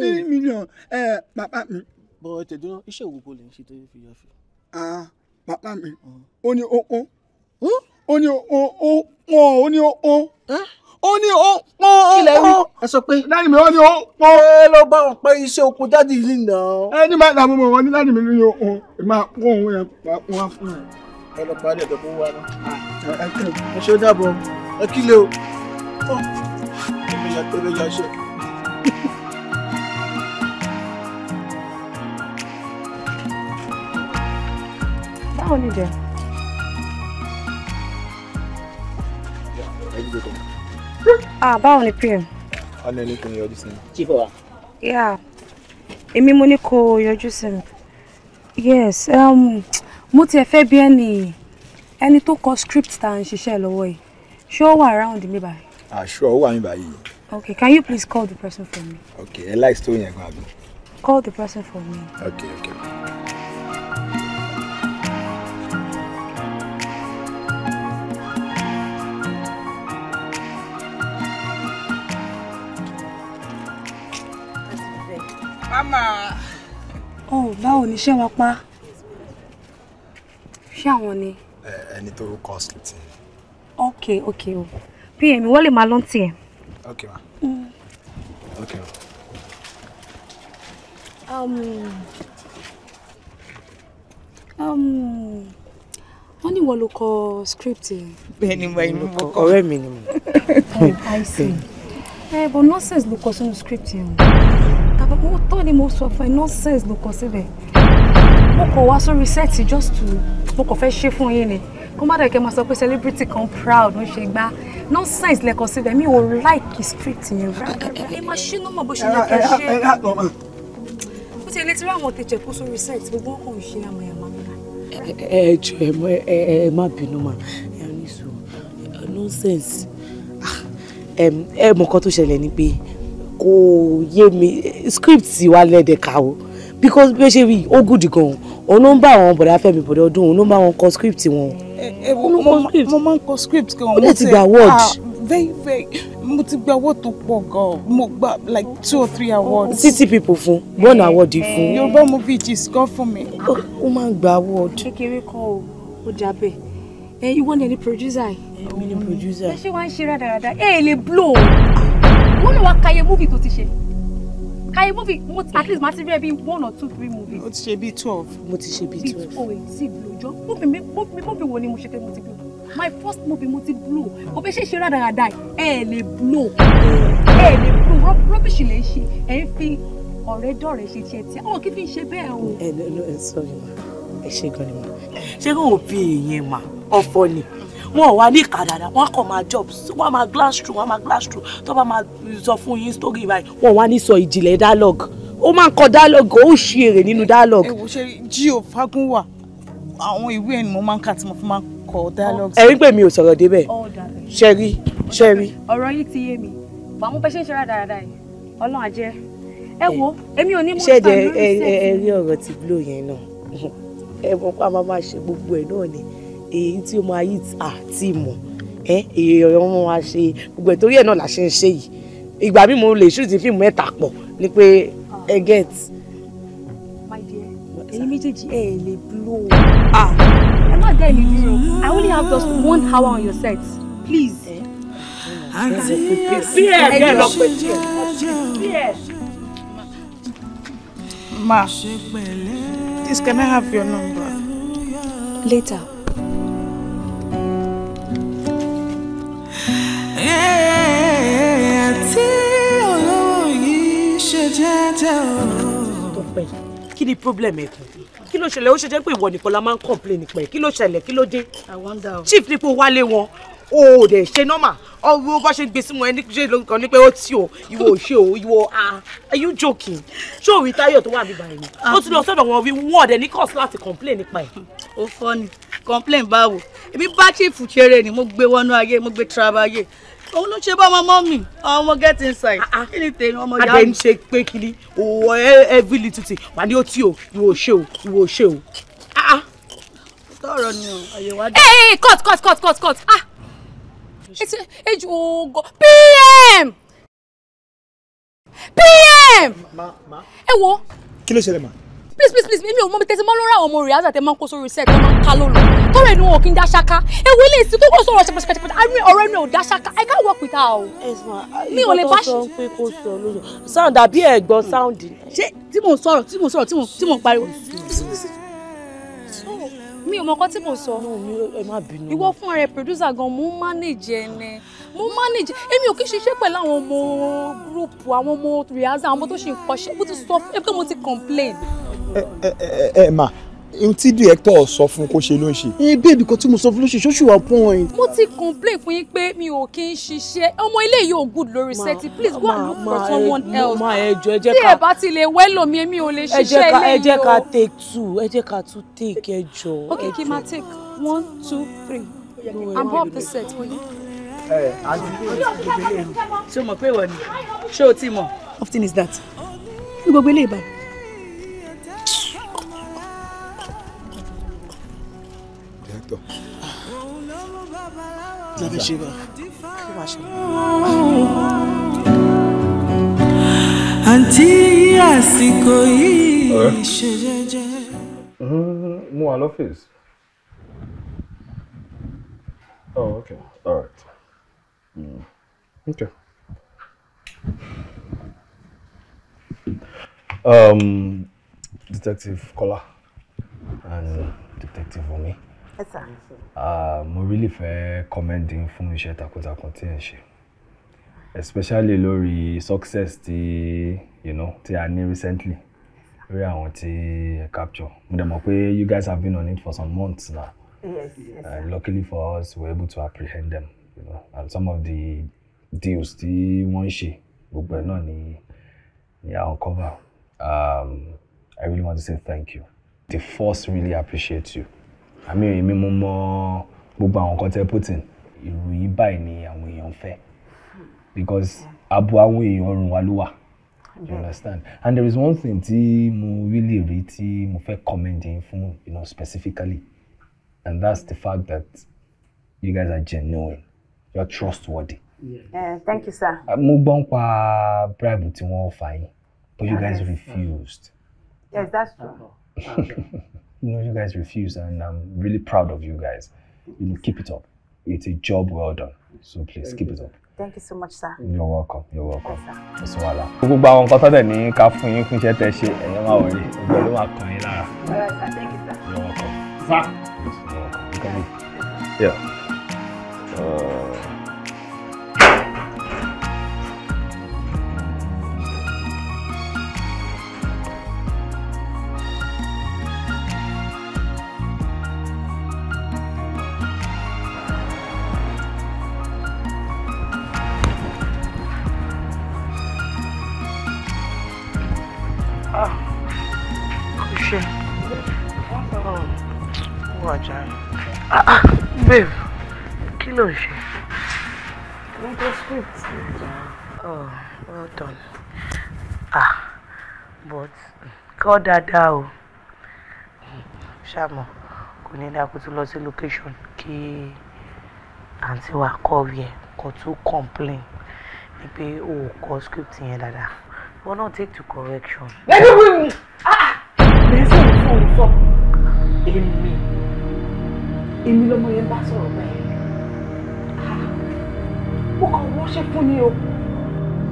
three million ẹ bàbá mi. bọ̀ ẹ tẹ̀dọ́ iṣẹ́ òwúgbò lè ń ṣe tó yẹ fi ya fíìmù. ah bàbá mi ó ní ó ó ó ní ó ó ó ó ní ó ó ó ní ó pọ́n ó pọ́n ẹ sọ pé láyìn mi ó ní ó pọ́n. ẹ lọ bá wọn pé iṣẹ́ oko dájú yìí nà. ẹ ní máa dààmú wọn ní láyìn mi ní o máa pọ́n òun yẹn máa pọ́n wá fún ẹ. ẹ lọ parí ẹ̀dọ̀ kó wá náà. ẹ ṣe ó dàbọ̀ ẹ kí lè o. ẹ bẹ ya o báwo ni jẹ́? ah báwo ni pm. ọ̀nà ẹni kò ní yọjú sí chief wa. yeah èmi mo ní kó yọjú sí yes um, mo tiẹ̀ fẹ́ bí ẹni ẹni tó kọ script tá à ń ṣiṣẹ́ lọ́wọ́ yìí ṣé ó wà around mi báyìí. ah sure ó wà mí báyìí. okay can you please call the person for me. okay ẹ láì sọ yẹn gan àbí. call the person for me. okay okay. Màmá. Ó oh, báwo ni ṣé wọn pa? Ṣé àwọn ni? Ẹni tó conscript ni. Ok ok o. PM wọ́n lè máa lọ tiẹ̀. Ok ma. Mm. Ok ma. Um, um, wọ́n ní wọ́n ló kọ script yẹn. Bẹ́ẹ̀ ni mo inú mo kọ. Ọ̀rẹ́ mi ni mo. Oh, I see. Ẹ hmm. eh, bọ̀ nonsense ló kọ sínú script yẹn o mo tọ́ ni mo sọ fún ẹ nonsense ló kọ síbẹ̀ mo kọ̀ wá sórí sẹ́ẹ̀tì just to mo kọ̀ fẹ́ ṣe fún yín ni kó má dẹ̀ kẹ́ máa sọ pé celebrity kan proud ń ṣe gbá nonsense lẹ kọ síbẹ̀ mi ò like script yẹn rárá ẹ máa ṣí nọ́mọ̀ bó ṣe yẹ kẹ́ ṣe bó ti létí ráwọn tẹ̀jẹ̀ kó sórí sẹ́ẹ̀tì gbogbo wọn kò ń ṣe àmọ́ ẹ̀ máa ń ẹ jọ ẹ ẹ má bínú mà ẹ ní sùn nonsense ah, ẹ mọ̀ kan tó ṣẹlẹ̀ ni pé kò yé mi script wa lẹ́dẹ̀ kà o because bí ó ṣe rí ó gùdì gan-an òun ló ń bá àwọn bọ̀dá fẹ́mi bọ̀dá ọdún òun ló ń bá wọn kọ script wọn. ẹ ẹ mo máa ń kọ script kan. ó dẹ̀ ti gba award. Ah, very very mo ti gba award tó pọ̀ gan-an mo gba like two or three awards. city people fún one award eh, fún. yorùbá movie gist kan fún mi. ó máa ń gba award. kékeré kan o ó jábẹ́ ẹ ìwọ ni ẹni producer yìí. èmi ni producer. ẹ ṣé wàá ń ṣe rádaràda ẹ eh, ẹ lè blow wọ́n náà wá kàyé movie tó ti ṣe kàyé movie mo at least ma ti rí ẹ one or two three movies. o ti ṣe bí twelve mo ti ṣe bí twelve. bí o èyí blue bí ojó movie movie wo ni mo ṣe pé mo ti blow my first movie mo ti blow o fẹ́ ṣe ṣe rádaràda ẹ ẹ lè blow ẹ ẹ lè blow rubbish lè ṣe ẹ ń fi ọ̀rẹ́ dọ̀rẹ́ ṣe tiẹ̀ tí àwọn kí fi ń ṣe bẹ́ẹ̀ o. ẹ ẹ sọ yìí ma ẹ ṣe gan ni ma ṣé kò wọ́n fi èèyàn ma ọ̀fọ̀ ni wọn ò wá ní ìka dáadáa wọn kàn máa job wọn máa glass true, wọn máa glass true. tó bá máa sọ fún yín story báyìí wọn wá ní sọ ìjìnlẹ̀ dialogue ó máa ń kọ dialogue ó ṣe èrè nínú dialogue. ewu ṣe jí o fagun wà àwọn ìwé ẹni mo máa ń kà tí mo fi máa ń kọ dialogue. ẹ̀rí pé mi ò sọ̀rọ̀ débẹ̀ ṣẹ́rí ṣẹ́rí. ọ̀rọ̀ yìí ti yé mi bàmú bẹ́ ṣe ń ṣe rà dáadáa yìí ọlọ́run àjẹ́ ẹ wo èmi ò ní mú sàn lórí sẹ́ẹ̀tì. ṣẹ́ẹ̀dẹ̀ ẹ rí ọ̀rọ̀ ti blow yẹn náà ẹ mọ̀ pé a máa máa ṣe gbogbo ẹ̀ náà ni èyí tí o máa yí àti ìmọ̀ ẹ èèyàn wọn wá ṣe gbogbo ẹ̀ torí ẹ̀ náà la ń ṣe yìí ìgbà mi mo lè ṣùtì fíìmù mẹ́ta pọ̀ ni pé ah. ẹ get. my méjèèjì ẹ lè blow ah i'm not there in zero i only have just one hour on your set please. bí ẹ bẹ́ẹ̀ lọ pé bí ẹ. ma please can i have your number. later. jẹ́ o. Tọ́pẹ́ kí ni problem ẹ̀ kún? Kí ló ṣẹlẹ̀? Ó ṣe jẹ́ pé ìwọ nìkan la máa ń complain nípa ẹ̀. Kí ló ṣẹlẹ̀? Kí ló dé? I wonder Chief nípò wálé wọn. O ò dẹ̀ ṣe nọ́mà. Ọwọ́ bá ṣe gbé sí wọn ẹni ṣe ló ń kan ní pé ó tí o. Ìwọ ò ṣe o. Ìwọ a. Are you joking? Ṣé òwe Táyọ̀ tó wà níbà yìí ni? Ó ti lọ sọ́dọ̀ wọn wí wọ́n ọ̀dẹ̀ ní cause láti complain nípa ẹ̀. Ó fọ́ ni complain báwo? Èmi bá chief ṣeré ni mo gbé wọnú ayé mo gbé travel ayé òun ló ṣe bá ọmọ mọ́mì ọmọ get inside ah, ah. kí ni tèmi ọmọ yàrá. adé ṣe pé kiri owó every little thing wà ní otí o ìwò ṣe o ìwò ṣe o. sọ̀rọ̀ ah, ni o àyè wá dé. ee cut cut cut cut cut ah eju ogo oh, pm pm Ma, ma. ẹ wo. kí ló ṣẹlẹ̀ mà please please please èmi ò mọ̀ mi tẹsí mọ lórí àwọn ọmọ rẹ àti àtẹmọ kó sórí iṣẹ́ tó máa ń ká ló lọ tọrọ ẹnu wọn kì í dá ṣáká ewu ilé ìsìn kókó sọ̀rọ̀ ṣẹpẹṣẹpẹṣẹpẹ àmì ọ̀rọ̀ ẹnu ò dá ṣáká I can't work with her o. mi ò lè bá ṣe. sound àbí ẹ̀gbọ́n sound. ṣé tí mò ń sọ̀rọ̀ tí mò ń sọ̀rọ̀ tí mò ń pariwo. mi ò mọ̀ nǹkan tí mò ń sọ. ìwọ fún ara ẹ producer gan mo ń manage ẹ ní mo manage èmi ò kí ṣiṣẹ́ pẹ̀lú àwọn ọmọ gúrúùpù àwọn ọmọ rìhásà àwọn ọmọ tó ṣe ń kọ́ṣẹ́ mo ti sọ pé mo ti complain ẹ ẹ ẹ mà tí director sọ fún kó ṣe ló ń ṣe. ẹ bẹ́ẹ̀ bìkan tí mo sọ fún ló ṣe ṣóṣù wa point. mo ti complain fún yín pé mi ò kí ń ṣiṣẹ́ ọmọ ilé yìí ò good lórí sẹ́ẹ̀tì please go and look for someone else. ma ẹjọ ẹ jẹ́ ká tí ẹ bá ti lè wẹ́lò mi ò lè ṣiṣẹ́ ilé yìí o. ẹ jẹ́ ká take two ẹ jẹ́ ká tún take ẹjọ. ok kí n máa take one two three i'm pop the set for you. ẹ àti ṣé o mọ̀ pé ìwọ ni ṣé o ti mọ̀. how often is that? ní gbogbo ilé ìbàdàn doctor. Lábẹ́ ṣe bá kí wàá ṣe. Àǹtí àsìkò yìí ṣe jẹ́jẹ́. Mm-hmm. Mo wà lọ́fíìsì. Oh, okay. All right. Mm. Okay. Um, Detective Kola and Detective Omi. Yes, ah, mo really fẹ́ commend yín fún iṣẹ́ takuntakun tí ẹ̀ ń ṣe especially lórí success tí you know tí a ní recently lórí àwọn tí ẹ capture mo dẹ̀ mọ̀ pé you guys have been on it for some months now yes, yes, uh, luckily for us we were able to apprehend them you know and some of the deals tí wọ́n ń ṣe gbogbo ẹ̀ náà ni ni a uncover um, I really want to say thank you the force really appreciate you àmì èmi mo mọ gbogbo àwọn nǹkan tẹ putin ìròyìn báyìí ni àwọn èèyàn fẹ́ because abo àwọn èèyàn ọrùn wa ló wà you understand and there is one thing tí mo really rí tí mo fẹ́ commend yín fún you know specifically and that's the fact that you guys are genuine you are trustworthy. Yeah. thank you sir. Ah, mo gbọ́ ń pa bribe tí wọ́n fà yín but you guys refused. yes that's true you know, you guys refused, and I'm really proud of you guys. You know, keep it up. It's a job well done. So please keep it up. Thank you so much, sir. You're welcome. You're welcome. Yes, sir. Gbogbo àwọn nǹkan tó ní ká fún yín fún iṣẹ́ tẹ́ ṣe ẹ̀yẹ́ máa wọlé ọgbẹ́ ló máa kàn yín lára. Thank you, sir. You're welcome. Sir. Yes, you're welcome. You Yeah. Uh, ló ń ṣe. manuscript oh well done. ah but call dáadáa Shamo, ṣàmọ̀ need to go to the location Ki, àǹtí wa kọ́ rí ẹ̀ kó complain ni pé o ò kọ script yẹn dáadáa wọn náà take to correction. Let me mi ah bẹ́ẹ̀ sọ̀rọ̀ fún òun sọ èmi èmi lọmọ yẹn bá sọ̀rọ̀ bẹ́ẹ̀ mo kàn wọ́n ṣe fún ni o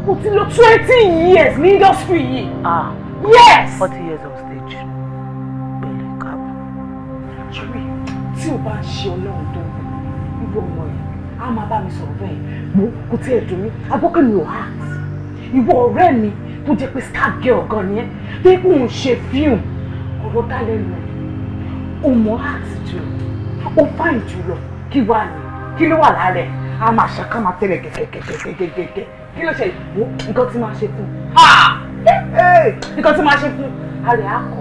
mo ti lò twenty years ní industry yìí. ah yes. forty years on stage pẹ̀lú káàbù. jùlọ tí o bá ń ṣe ọlọ́run tó ibú ọmọ rẹ̀ á máa bá mi sọ̀rọ̀ bẹ́ẹ̀ mo kò tí ẹ̀ dùn mí agbókè mi ò há ìwọ ọ̀rẹ́ mi tó jẹ́ pé star girl gan ni ẹ́ pé kò ń ṣe fíìmù ọ̀rọ̀ dálẹ́ nù ó mọ áàtì jù ó fáìn jù lọ kí wàá ní kí ló wà lára a máa ṣe ká máa tẹ̀lé kẹ̀kẹ̀kẹ̀kẹ̀kẹ̀kẹ̀ kí ló ṣe ìwò nǹkan tí máa ṣe fún nǹkan tí máa ṣe fún alẹ́ akọ.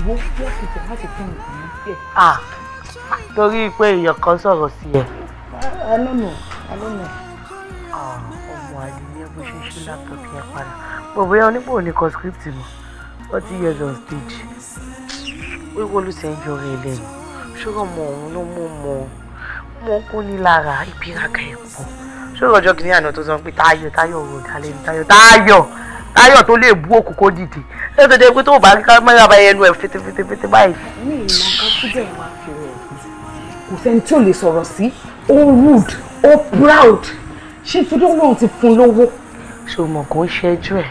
ìwọ fún ọ̀kìtì láti fún ìgbìmọ̀ díẹ̀. Ah, torí pé èèyàn kan sọ̀rọ̀ sí ẹ. alónà alónà. Ah, ọmọ àdìyẹ bó ṣe ṣe láptọ̀pù yẹn padà bòbóyá onípò ní conscript mọ́ forty years on stage wíwọ́lù sẹ́ńjọ́ rẹ̀ lẹ́yìn ṣùgbọ́n ọmọ òun ló mú mọ́ ọ ọmọ kú ni lára ibi ràkà ẹ̀ ṣé ìrọ̀jọ́ kìíní àná tó sọ pé táyọ̀ táyọ̀ ò dalẹ̀ ní táyọ̀ táyọ̀ táyọ̀ tó lè bú òkú kó dìde ṣé tó pé tó bá kámẹ́rà bá ẹnu ẹ̀ fetefetefete báyìí. mi ì mọ nǹkan tó wá fi kò sẹ́ni tí ò lè sọ̀rọ̀ sí ó rude ó proud ṣé torí olóhùn ti fún lówó. ṣé o mọ̀ kó ń ṣe ẹjọ́ ẹ̀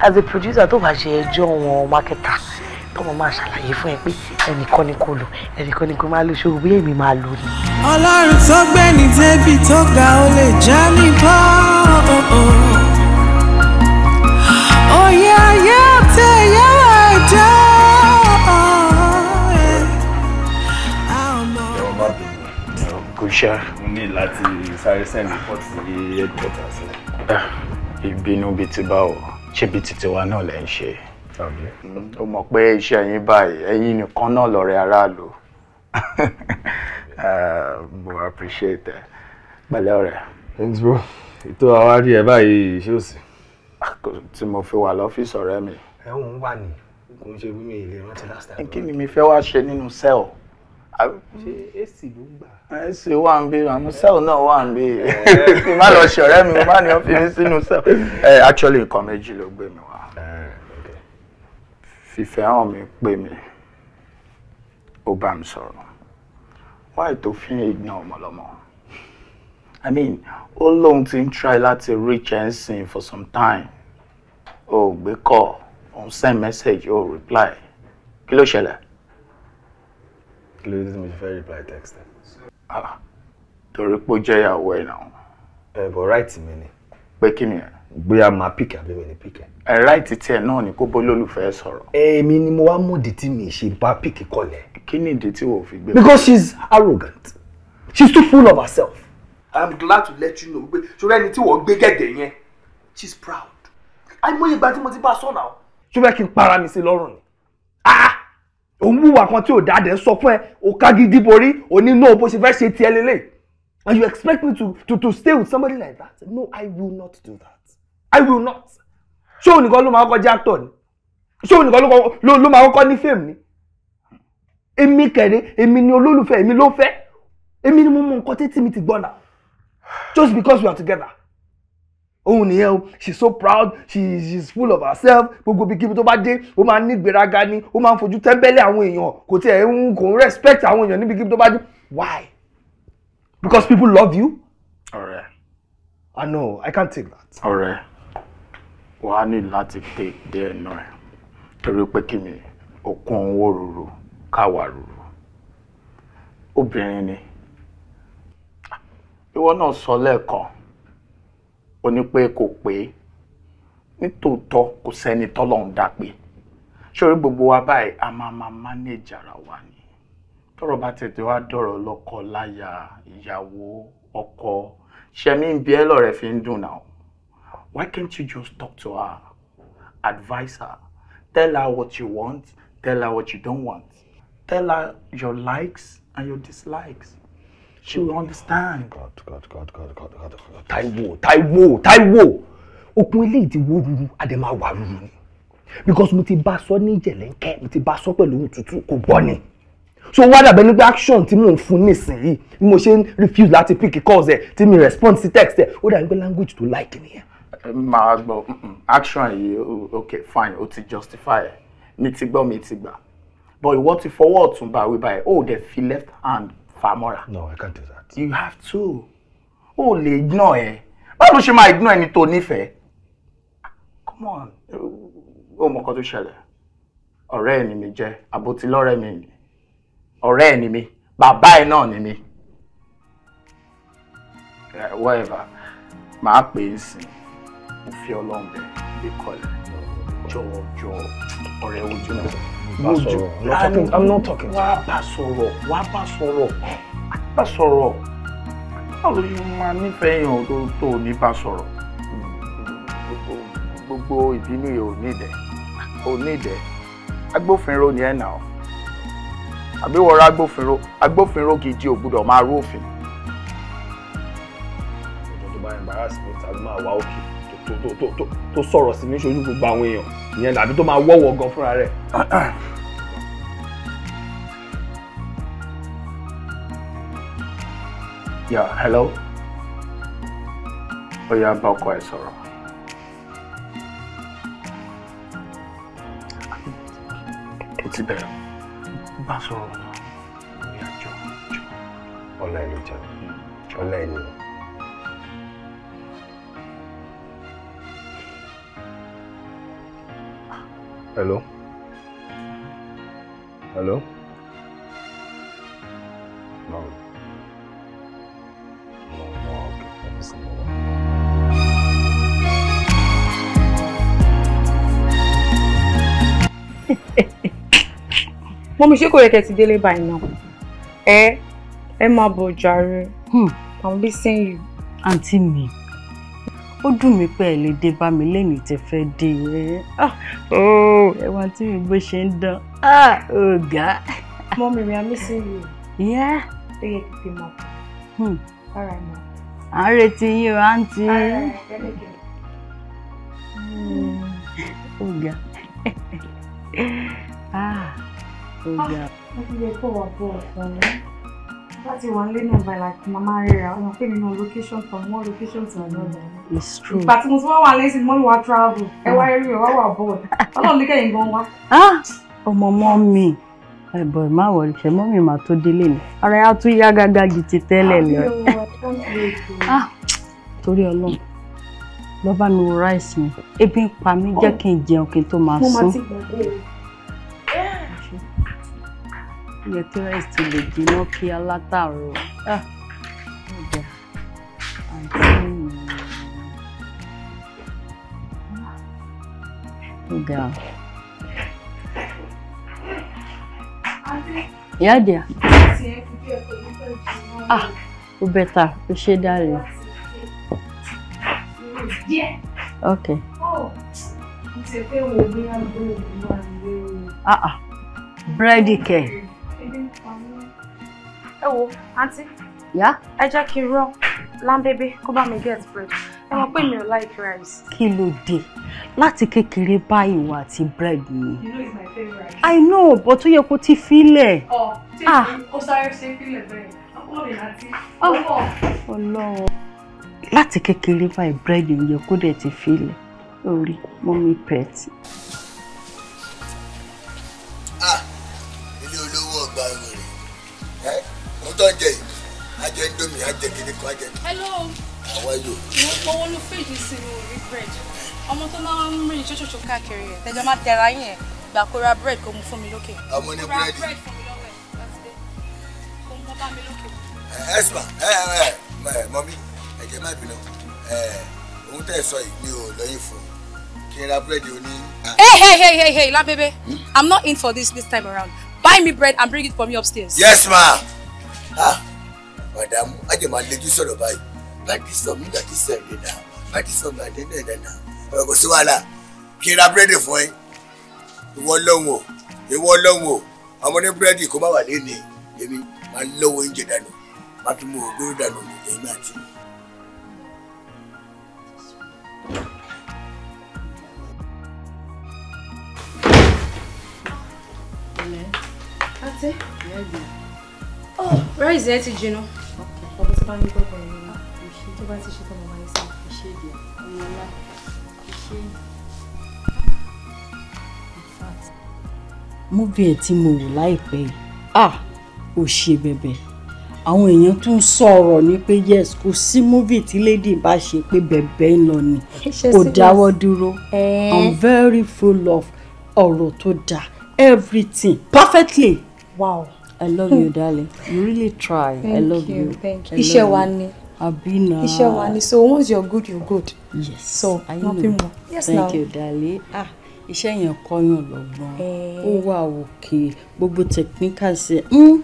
as a producer tó bá ṣe ẹjọ́ wọn tọmọ máa ṣàlàyé fún ẹ pé ẹnìkan ni kò lò ẹnìkan ni kò máa lò ṣòro bí èmi máa lò ni. ọlọ́run tó gbé débi tó ga ó lè já mi bọ́ òye ayé àtẹ̀yẹ ẹ̀dá. mo ní láti sáré sẹ́ndì port sí headquarters. Ah, ìbínú bíi ti báwo ṣé bíi titi wa náà lẹ́ ń ṣe o mọ̀ pé iṣẹ́ yín báyìí ẹ̀yin nìkan náà lọ́rẹ́ aráàlú mo appreciate ẹ pẹ̀lẹ́ ọ̀rẹ́. thanks bro ètò àwárí ẹ báyìí ṣé o sì. Ah, tí mo fi wà lọ́fíìsì ọ̀rẹ́ mi. ẹ̀wọ̀n wà ní kò ń ṣe mímí ilé rántí last time. kí ni mi fẹ́ wá ṣe nínú sẹ́ọ̀. Ah, ṣé èsì ló gbà. èsì wà ń bí àmú sẹ́ọ̀ náà wà ń bí kí má lọ ṣe ọ̀rẹ́ mi mo má ní ọ́fíìsì sínú sẹ́ọ̀. Eh, actually nǹkan méjì ló gbé mi wá. Eh fífẹ́ hàn mi pè mí ó bá mi sọ̀rọ̀ wáyé tó fi ń ignore ọmọlọmọ i mean ó lóun ti ń try láti reach ẹ̀sìn for some time ó gbé kọ́ ó ń send message ó reply kí ló ṣẹlẹ̀. kí ló dé tí mo ti fẹ́ reply text ẹ. Ah, torí pé ó jẹ́ ìyàwó ẹ̀ náà. ẹ bọ̀ right mi ni. pé kí ni ẹ bóyá máa pìkì abẹ́rẹ́ ní pìkì. ẹ̀rá ìtìtì ẹ̀ náà ni kó bó lólùfẹ́ sọ̀rọ̀. èmi ni mo wá mú ìdí tí mi ṣe bá pìkì kọlẹ̀. kí ni ìdí tí wò fi gbé. because she is arrogant she is too full of herself. I am glad to let you know pé ṣọlá ẹni tí wọ́n gbé gẹ̀gẹ̀ yẹn she is proud. àìmọye ìgbà tí mo ti bá a sọ náà. ṣọlá kí n para mi sí lọ́rùn ni. Ah, ah. òun wúwa kan tí ò dáadẹ́ sọ fún ẹ ò kágídí borí òní náà bó ṣe fẹ́ ṣe tiẹ̀ lélẹ̀ and you expect me to to to stay with somebody like that no I will not do that. I will not. Ṣé òun nìkan ló máa kọ́kọ́ jẹ́ actor ni? Ṣé òun nìkan ló máa kọ́kọ́ ní fame ni? Èmi kẹ̀rẹ́, èmi ni olólùfẹ́, èmi ló fẹ́. Èmi ni mo mọ nǹkan títí mi ti gbọ́ náà. Just because we are together. Òun nìyẹn o, she so proud, she is full of herself. Gbogbo ibikíbi tó bá dé, ó máa ń ní ìgbéraga ni, ó máa ń fojú tẹ́ńbẹ́lẹ̀ àwọn èèyàn. Kò tiẹ̀ ń kò ń respect àwọn èèyàn níbikíbi tó bá dé. Why? Because people love you? All right. I know, I can't take that. All right. Wa ni láti tẹ díẹ̀ náà ẹ̀ torí pé kí mi òkun owó ruru káwa ruru obìnrin ni ìwọ náà sọ lẹ́ẹ̀kan pe ní ko kò pé nítòótọ́ kò gbogbo wa báyìí a ma máa manage ara wa ni tọ́rọ̀ bá doro loko laya iyawo láya ọkọ ṣẹmí ń re fi ń na ọ. Why can't you just talk to her, advise her, tell her what you want, tell her what you don't want, tell her your likes and your dislikes. She will understand. God, God, God, God, God, God. Taiwo, Taiwo, Taiwo. Okun eléyìí ti wó ruru, a dẹ̀ máa wà ruru ni. Because mo ti bá sọ ní jẹ̀lẹ́ńkẹ́, mo ti bá sọ pẹ̀lú òtútù, kò gbọ́ ni so wá dàbẹ́ nígbà action tí mò ń fún nísìnyí ni mo ṣe ń refuse láti pick calls ẹ̀ tí mi respond sí text ẹ̀ ó dàbí pé language tó like nìyẹn máa gbọ́ action yìí oh, ok fine o ti justify ẹ̀ mi ti gbọ́ mi ti gbà but ìwọ ti fọwọ́ ọ̀tún bá wí báyìí o dẹ̀ fi left hand fà mọ́ra. no i can't do that. you have to o lè ignore ẹ báwo ló ṣe máa ignore ẹni tó nífẹ̀ẹ́ come on o mọ nǹkan tó ṣẹlẹ̀ ọ̀rẹ́ ẹ̀ ni mi jẹ́ àbótilọ́rẹ́ mi ni ọ̀rẹ́ ẹ̀ ni mi bàbá ẹ̀ náà ni mi whatever màá pè é sìn fi ọlọ́run bẹ̀ lè kọ́lẹ̀ ojú náà. bá sọ̀rọ̀ i'm not talking. wá bá sọ̀rọ̀ wá bá sọ̀rọ̀ bá sọ̀rọ̀ báwo ló máa nífẹ̀ẹ́ èèyàn tó tó ní bá sọ̀rọ̀ gbogbo ìbínú yẹn ò ní ìdẹ́ ò ní ìdẹ́ agbófinró ni ẹ̀ nà ọ́ àbí agbófinró agbófinró gidi ò gbúdọ̀ máa rú òfin. ìjọba embarrass me tàbí máa wá òkè tó sọ̀rọ̀ sí mi ṣojú gbogbo àwọn èèyàn ìyẹn dàbí tó máa wọ́wọ́ gan fúnra rẹ̀. yà hello ó yá ọkọ ẹ sọ̀rọ̀. ó ti bẹ̀rẹ̀ bá sọ̀rọ̀ náà ìrìn àjò ọ̀la ẹ̀ ló jẹun ọ̀la ẹ̀ ló Hello? Hello? No. No, no, okay. Let me mo mi ṣe kò yẹ kẹ́ ti délé báyìí náà ẹ ẹ máa bọ̀ jàre hmm. i'm missing you. àǹtí mi ó dùn mí pé ẹ lè dé bá mi lẹ́nu tẹ́ fẹ́ dé ẹ ẹwà tí mi bó ṣe ń dán ọ̀gá. Mommy, we are missing you. Yeah. ó yẹ kí n fi mọ. ara ẹ̀ mọ̀. à ń retí yín o àǹtí. ara ẹ̀ fẹ́lẹ́kẹ̀. ọ̀gá. ah ọ̀gá. ó ti yẹ kó wà fún ọ̀sán náà láti wà nílé náà by like mama rira ọ̀nà pé nínú location from one location to another. it's true. ìgbà tí mo ti wá wà lẹ́sìn mo ní travel ẹ wá eré wàá wà bọ́ọ̀dù ọlọ́run ní kẹ́yìn gan wá. Ah! ọmọ ọmọ mi ẹ̀bọ̀ má wọlé ṣe mọ́ mi mà tó délé ni ara yà tún yá gágá ju ti tẹ́lẹ̀ lọ. Ah! torí ọlọ́run lọ bá mi wo ráìsì mi ebi ń pa mí jẹ́ kí n jẹun kí n tó máa sùn. mo máa ti gbàgbé rẹ̀ yẹ kí rẹ́sì lè jiná kí alátàrọ̀ ah, ọ̀dà àǹtí ah, ọ̀dà. ah ó bẹ́ta ó ṣe dáre. ok. ah ah búrẹ́dì kẹ̀ ẹ wo àǹtí. yá. ẹ jẹ́ kí n rán lámbébé kó bá mi get bread ẹ mọ̀ pé mi ò like rice. kí ló dé láti kékeré báyìí wà àti bread mi. you know it's my favorite. i know but ó yẹ kó ti filẹ̀. ọ tí o sáré ṣe filẹ̀ bẹ́ẹ̀ ọkùnrin àti ọkọ. Oh. Ọlọ́run láti kékeré báyìí bread ń yẹ kó dẹ̀ ti filẹ̀ lórí mọ́mí pet. ah ilé olówó tó jẹ yìí ajẹ ń domi ajẹ kiri kan ajẹ. hello. àwọn yòó. mo pọwọ́ ló fèjì sí mi ò rí bread ọmọ tó máa ń rìn ṣoṣoṣo káàkiri ẹ̀ tẹ̀jọ́ máa tẹ̀ra yín ẹ̀ gbà kó ra bread kó mu fún mi lókè. ọmọ ní búrẹ́dì. ẹsùn eh, eh, eh, ẹ ẹ ẹ mọ́mí ẹ̀jẹ̀ má bínú ohun tẹ̀ sọ yìí mi ò lọ́yìn fún kí n ra búrẹ́dì oní. Ah. hey hey hey hey hey labebe hmm? i'm not in for this this time around buy me bread and bring it for me upstairs. yes ma. Am. Ah, madam, I màdàmú àjẹmà lẹ́jú sọ̀rọ̀ báyìí bàdí sọ mí dàdí sọ èdè náà bàdí sọ mí àdé náà dáná ọ̀rọ̀ kò sí wàhálà kí n ra búrẹ́dì fún ẹ ìwọ lọ́wọ́ ìwọ lọ́wọ́ ọmọ ní búrẹ́dì kó má wà lẹ́nu èmi máa lọ́wọ́ oúnjẹ dànù máa you mú ògbóró dànù èmi àti mi. Ate. Yeah, yeah. Oh, rice yẹn ti jinná. Ọ̀pọ̀ tí bá ní gbọ́dọ̀ tí mo wò láìpẹ́ yìí ah ò ṣe bẹ̀bẹ̀ àwọn èèyàn tún sọ̀rọ̀ ni pé yes kò sí múvi tí lady bá ṣe pé bẹ̀bẹ̀ ń lọ ni kò dáwọ́ dúró eh. i'm very full of ọ̀rọ̀ tó dáa everything perfectly. Wow. I love you, darling. You really try. Thank I love you. you. Thank you. Iṣẹ́ wa Abina. Iṣẹ́ wa So once you're good, you're good. Yes. So I nothing know. more. Yes, Thank now. Thank you, darling. Ah iṣẹ́ yẹn kọ́yàn lọ́gbọ́n eh. ó wà òkè gbogbo technical ṣe mm,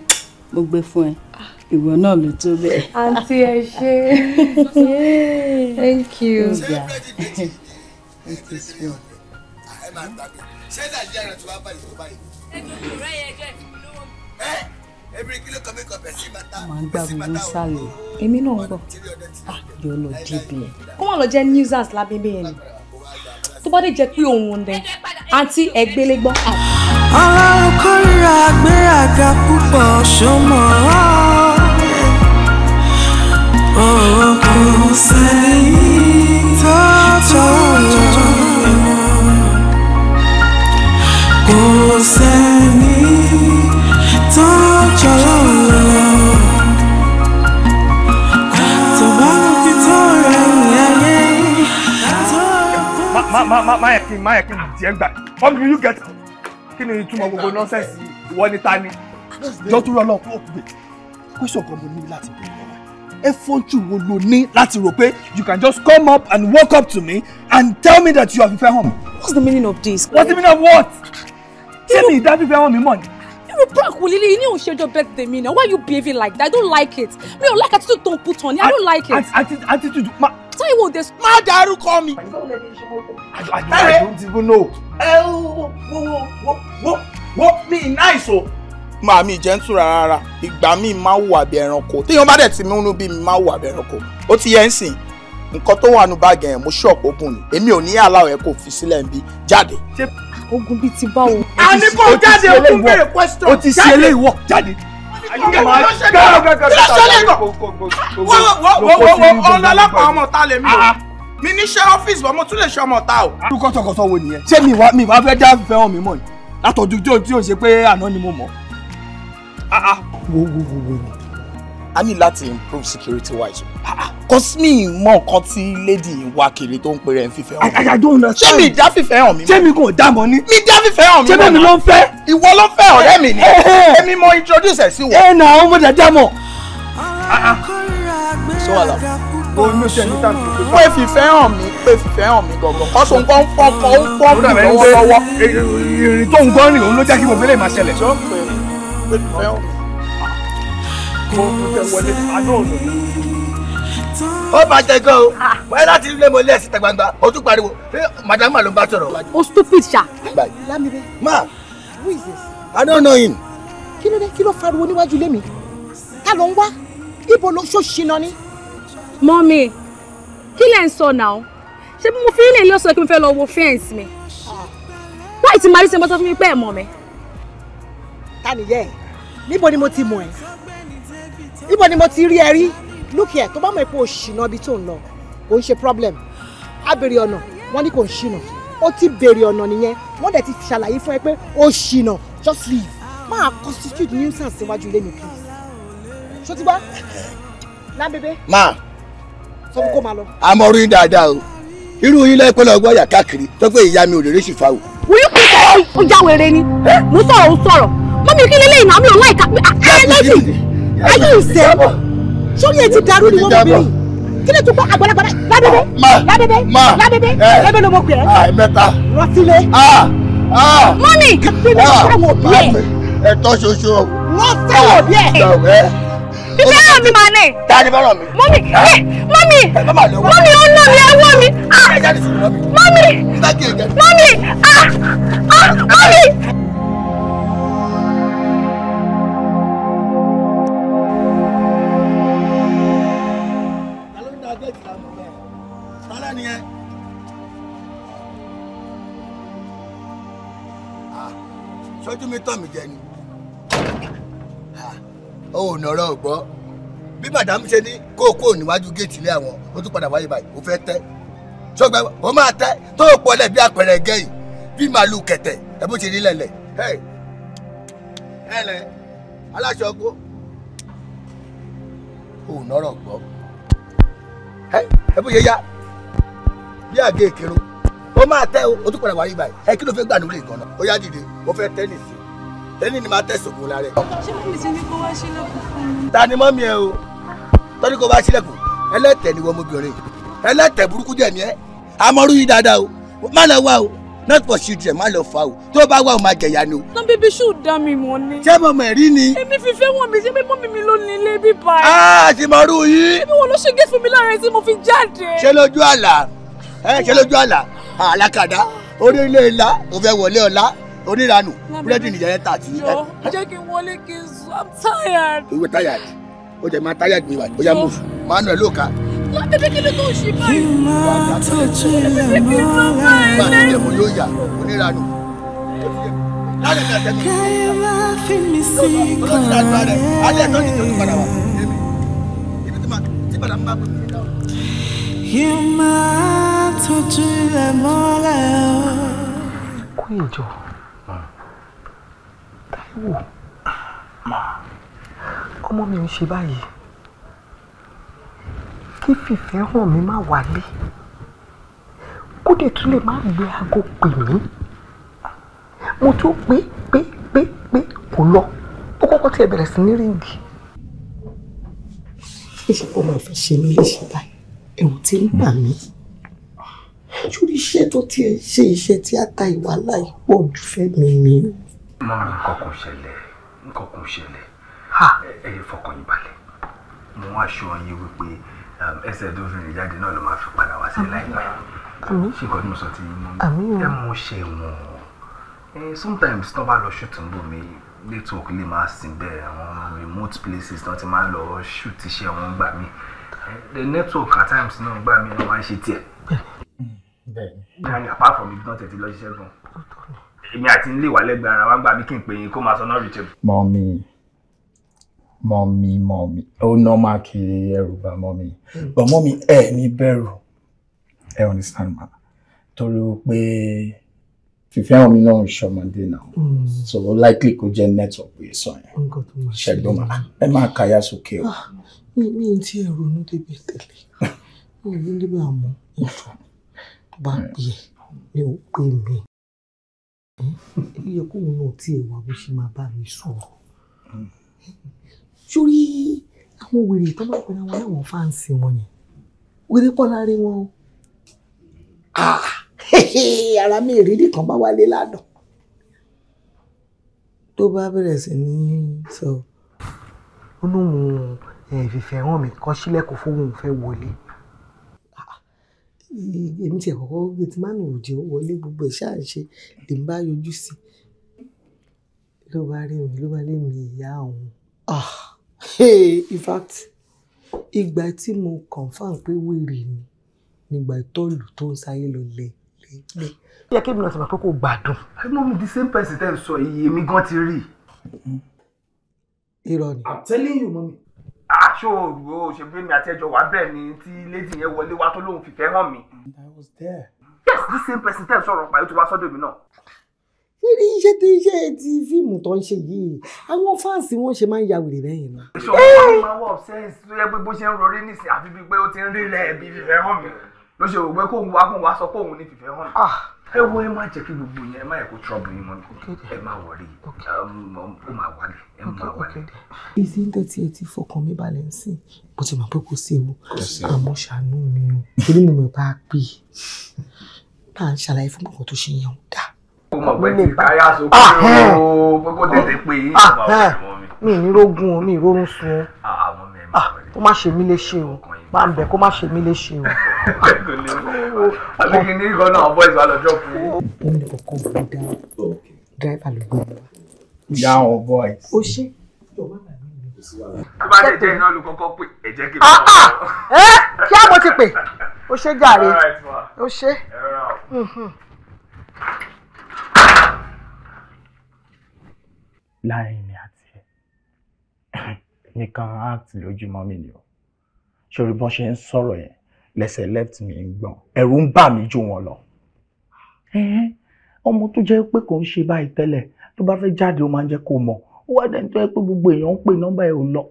mo gbé fún ẹ ah. ìwọ náà ló tó bẹ́ẹ̀. àǹtí ẹ ṣe thank you. ṣé nàìjíríà ti wá báyìí tó báyìí. ẹgbẹ́ kò ráyè ẹgbẹ́ màá gbàgbọ́ nísàlẹ̀ èmi náà ń bọ̀ àjọ ah, lọ dìbì ẹ̀ kó wọn lọ jẹ́ newsers lábẹ́bẹ́ ẹ̀ ni tó bá dé jẹ́ pé òun ń dẹ àǹtí ẹ̀gbélégbọ́. ọlọ́run kórìíra àgbéraga púpọ̀ ṣọmọ́ òkú sẹ́yìn tó tó kò sẹ́yìn touch alone. Ma ma ma ma yẹ kí n ma yẹ kí how do you get kí ni ìtumọ̀ gbogbo nonsense ìwọ ni ta ni. lọ́túrọ̀ náà kú òkú bẹ̀ question kan mo ní láti bẹ̀rẹ̀ lọ́wọ́ ẹ fọ́njú wo lo ní you can just come up and walk up to me and tell me that you have ìfẹ́ home. what's the meaning of this. what's the meaning of what? Tell me that you have mi mọ̀ money. You prank wo lélẹ́yìn ní òṣèjọ birthday mi náà why you behaving like that i don't like it mi ò like attitude don't put on i don't like it. attitude ma. Táíwò de. má call me. I don't even know. Oh, wo wo wo wo wo mi nice oh. Mami gentle, jẹ́ ń túra rárá ìgbà mi máa wù àbí ẹranko téèyàn bá dẹ̀ ti múnú bí mi máa wù àbí ẹranko ó ti yẹ ń sìn nǹkan tó wà nù mo ṣọ́ọ̀pù ogun ni èmi ò ní àlàó ẹ̀ kò fi sílẹ̀ ń bí jáde ogun bíi ti báwo. a ní kó jáde ogun bèrè question. o ti ṣe eléyìí wọ jáde. ọ̀nà ọlọ́pàá ọmọ ta lèmi o ah. mi ní ṣe ọ́fíìsì bọ́ mo tún lè ṣe ọmọ ta o. Ah. irú kọ́tọ̀kọ́tọ̀ wo nìyẹn ṣé mi wá mi wá fẹ́ dá fẹ́ràn mi mọ̀ ni látọ̀dún tí o ṣe pé àná ni mo mọ̀. Ah, wo wo wo wo a ní láti improve security wise ah, cosmi mọ nǹkan tí lady yìí wá kiri tó ń pèrè ẹ̀ ń fìfẹ́ hàn mí. I don't understand. ṣé mi dá fìfẹ́ hàn mí. ṣé mi kò dá mọ ni. mi dá fìfẹ́ hàn mí. ṣé mi ló ń fẹ́. ìwọ ló fẹ́ ọ̀rẹ́ mi ni. Eh, eh, eh. èmi mo introduce ẹ̀ sí wọ. ẹ nà àwọn ọmọdé dá mọ. sọ àlà pé fìfẹ́ hàn mí pé fìfẹ́ hàn mí gangan kọ́sùn kan fọ́n kan ó fọ́n mi lọ́wọ́lọ́wọ́. ìrìn tó ń gbọ́ nìyẹn ló jẹ́ kí mo fẹ́lẹ̀ máa ṣẹlẹ̀. sọ pé pé fìfẹ́ hàn mí mo fẹ́ wọlé àdúrà ọ̀nà. ó bàjẹ́ gan o wáyé láti ilé mo lé ẹ̀sìn ta gbangba o tún pariwo ṣé madama ló ń bá sọ̀rọ̀. o oh, stupid ṣá. ma who is this. I don't know him. kí ló dé kí ló fariwo níwájú ilé mi ká ló ń wá ibo ló ṣòṣìnà ni. mọ́mí kí lẹ̀ ń sọ náà ṣé mo fi ilé ìlọsọ kí mo fẹ́ lọ wo fẹ́ǹsì mi wáyé tí màrí ṣe mọ́tò fún mi pẹ́ ẹ̀ mọ́ mi. ta nìyẹn níbo ni mo ti mọ̀ ẹ́ ibo ni mo ti rí ẹ rí look here tó bá mọ̀ pé o ṣìnà ibi tó ń lọ kò ń ṣe problem a béèrè ọ̀nà wọ́n ní kò ń ṣìnà ó ti béèrè ọ̀nà nìyẹn wọ́n dẹ̀ ti ṣàlàyé fún ẹ pé o just leave máa constitute nuisance síwájú ilé mi please ṣó ti gbá lábẹ́bẹ́. máa sọ fún kó máa lọ. àmọ́ orí dáadáa o irú yín lẹ́pẹ́ lọ gbọ́ yà káàkiri tó pé ìyá mi ò lè rí ṣìfà o. wọ́n yóò kí sọ̀rọ̀ ó jáwèrè ni mo sọ̀rọ̀ ó sọ̀rọ̀ mọ́mí kí lélẹ́yìn náà mi ò láìka ẹ̀ lẹ́sìn ayé ìṣe sórí ẹ ti darú ni wọn mọ bíi kí ni tó kọ àgbàlagbà ládébé ládébé ládébé ládébé ló mọ pé ẹ rọtílé mọ́nì kàtí ní sáwọn òbí ẹ ẹ̀tọ́ ṣoṣo wọ́n sáwọn òbí ẹ fífẹ́ ràn mí máa nẹ̀. dání bá ràn mí. mọ́mí mọ́mí mọ́mí ó nà mí ẹwọ́ mi. mọ́mí mọ́mí mọ́mí. tún mi tàn mí jẹ ni ó ò nọ̀rọ̀ ò gbọ́ bí madam ṣe ní kókó níwájú géètì ilé àwọn ó tún padà wáyé báyìí ó fẹ́ tẹ́ ṣọgbà ó máa tẹ́ tó o pọlẹ̀ bí apẹ̀rẹ̀ ẹ̀gẹ́ yìí bí màálù kẹ̀tẹ̀ ẹ bó ṣe rí lẹ̀lẹ̀ ẹ lẹ aláṣọ ọgbó ó ò nọ̀rọ̀ gbọ́ ẹ bó ṣe yá bí àgé ìkírun ó máa tẹ́ o tún padà wáyé báyìí ẹ kí ló fẹ́ gbà nílé ìgànnà ó yá dìde ó fẹ́ tẹ́ nìsí ẹni ni màá tẹ̀sán ògùn lára ẹ̀. ṣé mọ́mí ti ní kó wá sílẹ̀kùn fún mi. ta ni mọ́mí ẹ o tọ́ni kó wá sílẹ̀kùn ẹlẹ́tẹ̀ ni wọ́n ẹlẹ́tẹ̀ burúkú jẹ̀ mí ẹ́ amọ́rú yìí dáadáa o má lọ wá o not for children má lọ fa o tó bá wà o máa jẹ̀yà ni o. na bíbí ṣù dá mi mọ ni. ṣé mo mọ̀ ni. èmi fífẹ́ wọn mi ṣé mọ́mí mi ló ní ilé bíbá ẹ̀. a ti mọ rú yìí. ẹbí wọn ló ṣe gé fún mi lára ẹ tí mo fi jáde. ṣé lójú àlá ẹ ṣé lójú àlá àlàkàdá orí ilé ìlà òfẹ wọlé ọlá oníranù búrẹ́dì nìyẹn yẹn tà jọ jẹ́ kí n wọlé kí n sùn i'm tired. ìwé tired ó jẹ máa tired mi wà ó yá move manuel ló kà. lábẹ́bẹ́ kí ló tó ṣe oníranù. káyọ̀ fi mi sí kọ̀ọ̀rẹ́. alẹ́ máa bọ̀ nígbà wọn. kí kú ìjọ wò má ọmọ mi ń ṣe báyìí kí fìfẹ́ hàn mi má wálé kó dẹ̀ tún lè má gbé aago pè mí mo tún pé pé pé pé kò lọ ó kọ́kọ́ tiẹ̀ bẹ̀rẹ̀ sí ní ríǹgì. ìṣèpọ̀ máa fẹ́ ṣe mí léṣe báyìí ẹ̀wọ̀n ti ń bà mí sórí iṣẹ́ tó tiẹ̀ ṣe iṣẹ́ tíátà ìwàhálà ìpọ̀ jù fẹ́ mi ni o mọ́mí nǹkan kan ṣẹlẹ̀ nǹkan kan ẹ ẹ fọkàn yín balẹ̀ mo aṣọ yín wípé um, ẹsẹ̀ tó fi náà ló máa fi padà wá sí láìpẹ́ ṣé nǹkan tí mo sọ ti mọ́mí ẹ mọ ṣe wọn sometimes tó bá lọ ṣùtù ń bò mí network lè máa sìn bẹ́ẹ̀ àwọn remote places náà ti máa ń lọ ṣùtù iṣẹ́ wọn gbà mí the network at times náà gbà mí ẹ máa ń ṣe tiẹ̀. bẹ́ẹ̀ apart from ibi náà tẹ̀ ti lọ ṣiṣẹ́ gan èmi àti nílé wà lẹ́gbẹ̀ẹ́ ara wa ń gbà bí kí n pè yín kó máa sọ náà rìtẹ́bù. mọ́mí mọ́mí mọ́mí ó ná máa kiri ẹrù bá mọ́mí hmm. bọ́ mọ́mí ẹ ní bẹ̀rù ẹ understand ma torí pé fífẹ́ràn mi náà ń ṣọmọdé náà so likely kó jẹ́ network yìí sọ yẹn ṣẹ̀gbọ́n ma ẹ máa kàyà sókè o. Ah, mi ò tiẹ̀ ronú débi tẹ̀lé mi ò ní débi àmọ́ ìfọ̀ bá pè hmm. é mi ò pè iye kóun náà tí ẹ wà bó ṣe máa bá mi sọ̀rọ̀ sórí àwọn wèrè tó máa ń pera wọn láwọn fáǹsì wọn yẹn wèrè kọ́ láre wọn ah! ara mi ìrírí kan bá wálé ládùn tó bá bẹ̀rẹ̀ sí ní sọ ó lóun fìfẹ́ hàn mí kọ́ sílẹ̀ kó fóun fẹ́ wọlé èmi tiẹ̀ kọ́kọ́ gẹ̀tìmánì ò jẹ́ wọlé gbogbo ẹ̀ ṣáà ṣe lèmi bá yọjú sí i ló bá rí mi ló bá lé mi ìyá òun ah hey in fact ìgbà tí mo confam pé wèrè ni nígbà ìtọ́lù tó ń sáyé lọ lẹ̀ lẹ́lẹ́. yẹ kí èmi náà sọ̀rọ̀ pé kò gbádùn. ẹ mọ̀ mi the same person tẹ́ ẹ sọ yìí èmi gan ti rí. irọ́ ni. I'm telling you mami aṣọ òwò òṣèbíyèmí àtẹjọ wà bẹ́ẹ̀ ni tí lady yẹn wọlé wá tó lóun fìfẹ́ hàn mí. and I was there. yes the same person tẹ́ ẹ̀ sọ̀rọ̀ pa yóò ti wá sọ́dọ̀ mi náà. Kíni iṣẹ́ tí iṣẹ́ ti fíìmù tó ń ṣe yìí? Àwọn fáǹsì wọn ṣe máa ń ya wèrè lẹ́yìn náà. Ìṣòro máa ń wọ̀ ṣẹ́yìn tó yẹ pé bó ṣe ń rorí nísìnyí àfi bíi pé ó ti ń rí ilẹ̀ ẹ̀bí hàn mí. Ló pé kóun wá kóun wá sọ pé òun ní fífẹ́ hàn mí. Ah, ẹ wo ẹ má jẹ́ kí gbogbo yẹn ẹ má yẹ kó trouble yín mọ́ ẹ má wọlé um, um, ó má wálé ẹ má wálé. ìsí ń tẹ̀sí ẹ ti fọkàn mi balẹ̀ ń sìn bó ti mọ̀ pé kò sí ewu àmọ́ ṣàánú mi o torí mo mọ̀ bá a pè é bá a ń ṣàlàyé fún gbogbo tó ṣe yẹn ń dà. ó mọ̀ pé ti káyà sókè ah, o gbogbo eh! tètè pé yín ah, ìjọba ọ̀rẹ́ eh! mọ́ mi. mi ì ní rógún o mi ì rórun sun o ah, ó má ṣe mí léṣe o máa ń bẹ̀ kó má ṣe mí léṣe o. àbíkí ní ìgò náà bọ́ ìgbà lọ́jọ́ fún mi. èmi nìkan kọ́ mi dá dráìbà ló gbé wa. ya àwọn boys. o ṣe. tó bá lè jẹ́ iná ló kọ́kọ́ pè ẹ jẹ́ kí n bọ̀. Ah, ah! ẹ kí á mo ti pè o ṣe jàre o ṣe. Mm-hmm. láàrin mi àti ẹ nìkan act lójúmọ́ mi ni o sórí bọ́n ṣe ń sọ̀rọ̀ yẹn lẹ́sẹ̀ left mi ń gbọ̀n ẹ̀rù ń bà mí ju wọn lọ. ọmọ tó jẹ́ pé kò ń ṣe báyìí tẹ́lẹ̀ tó bá fẹ́ jáde ó máa ń jẹ́ kó mọ̀ ó wá dẹ́ni tó yẹ pé gbogbo èèyàn ń pè nọ́mbà ẹ̀ ò lọ.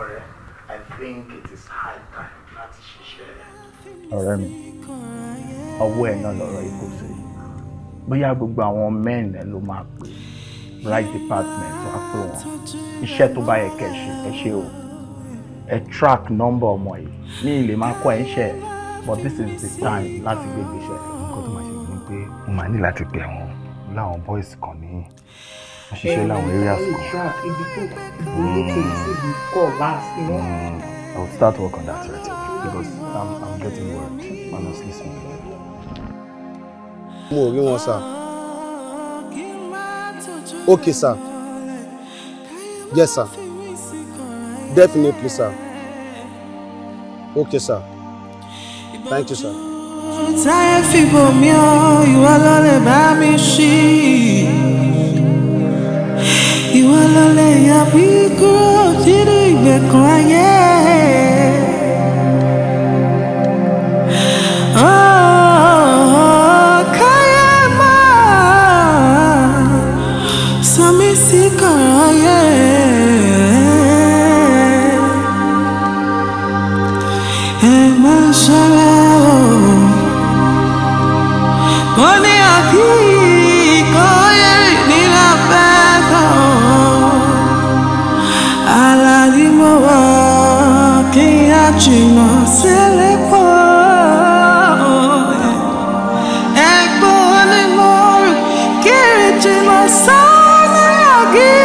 ọ̀rẹ́ I think it is high time láti ṣiṣẹ́. ọ̀rẹ́ mi ọwọ́ ẹ̀ náà lọ̀rọ̀ ikú sí bóyá gbogbo àwọn mẹ́rin ló máa pè right department wá pé wọn iṣẹ́ tó bá yẹ kẹ́ ṣe ẹ ṣe o. A track number ọmọ yìí mi ì lè máa kọ́ ẹ̀ ń ṣe but this is the time láti gbé gbèsè. nǹkan tó máa ṣe ni pé mo máa ní láti pè wọ́n láwọn boys kan ní ṣiṣẹ́ láwọn areas kan. Hmm, I will start work on that right away because I'm, I'm getting worried honestly speaking. mo ò rí wọn sá okay sir yes sir. Definitely, sir. Okay, sir. Thank you, sir. Táyé fìbò mi ò, ìwọ ló lè bá mi ṣí. Ìwọ ló lè yà mí kúrò nínú jìnnà sílé pọ̀ ẹ̀gbọ́n ni mo rò kiri jìnnà sáré àgé.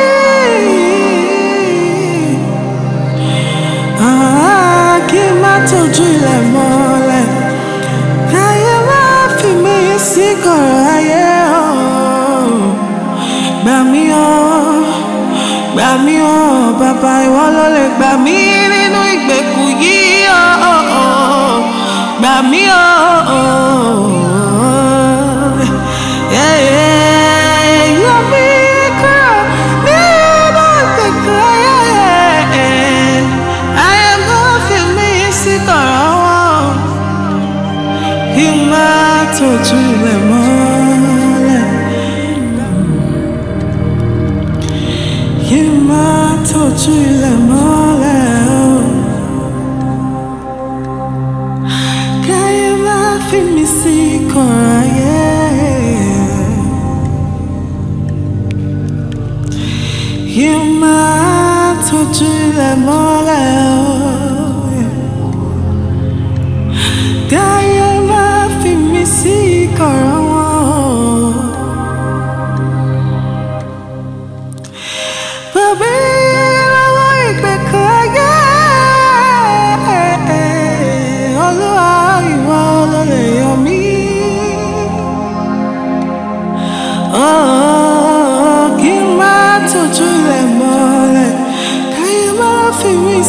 kí má tójú ilẹ̀ mọ́lẹ̀ ayé má fi mí sí kọ̀rọ̀ ayé gbà mí o gbà mí o bàbá ìwọ ló lè gbà mí. gbà mí o.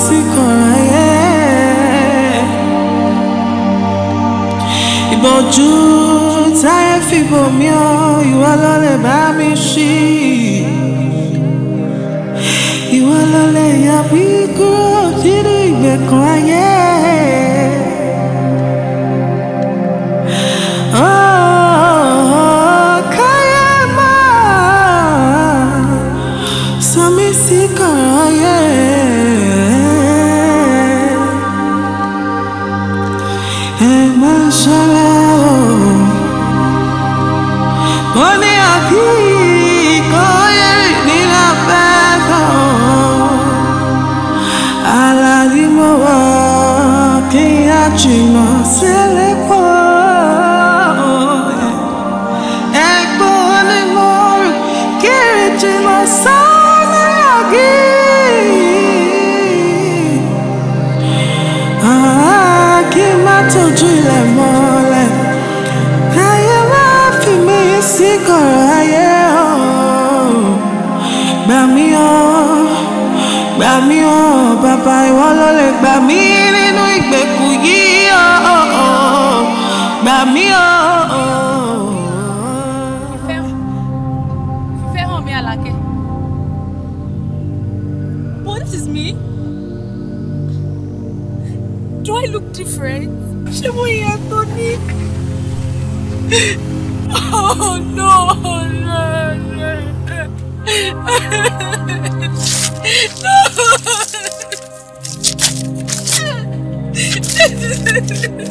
sì kàn ráyé ìbòjú táyé fìbò mi ọ ìwọ ló lè bá mi ṣí i. jìnnà sílé pọ̀ ẹ̀gbọ́n ni mo rí kiri jìnnà sáré àgé. kí má tójú ilẹ̀ mọ́lẹ̀ ayé má fi mí gbà mí ọ̀ gbà mí ọ̀ bàbá ìwọ gbà mí.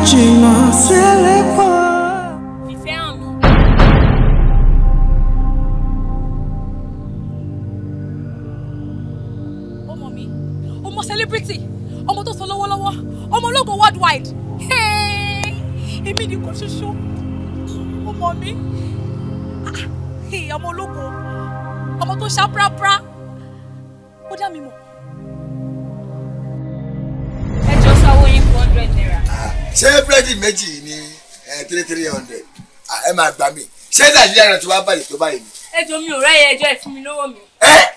touching myself nàìjíríà ti wá bàlẹ̀ tó báyìí ni. ẹ jọ mi ò ráyè ẹjọ́ ẹ fún mi lọ́wọ́ mi. ẹ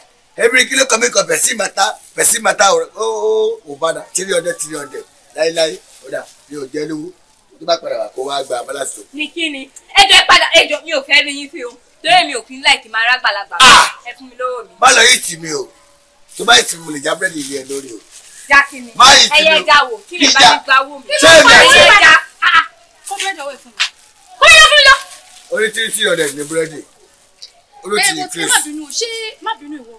every kilo kan mi kan pẹ̀sì mata pẹ̀sì mata o ò bá dà tírí ọdẹ tírí ọdẹ láíláí ọ̀dà mi ò jẹ́ lówó tó bá padà wà kó wá gba abala so. ní kí ni ẹjọ́ ẹ padà ẹjọ́ mi ò fẹ́ rí yín fi o torí mi ò kí ń láìkí máa rá gbalagbà ẹ fún mi lọ́wọ́ mi. má lọ yìí tì mí o tó bá yìí tì mí mo lè já búrẹ́dì ilé ẹ lórí o. já kí ni ẹyẹ já wò kí ni bá mi gba orí tí tí ọ̀dẹ̀ ní búrẹ́dì olú ti ní chris. ẹ má bínú ṣé má bínú ìwọ.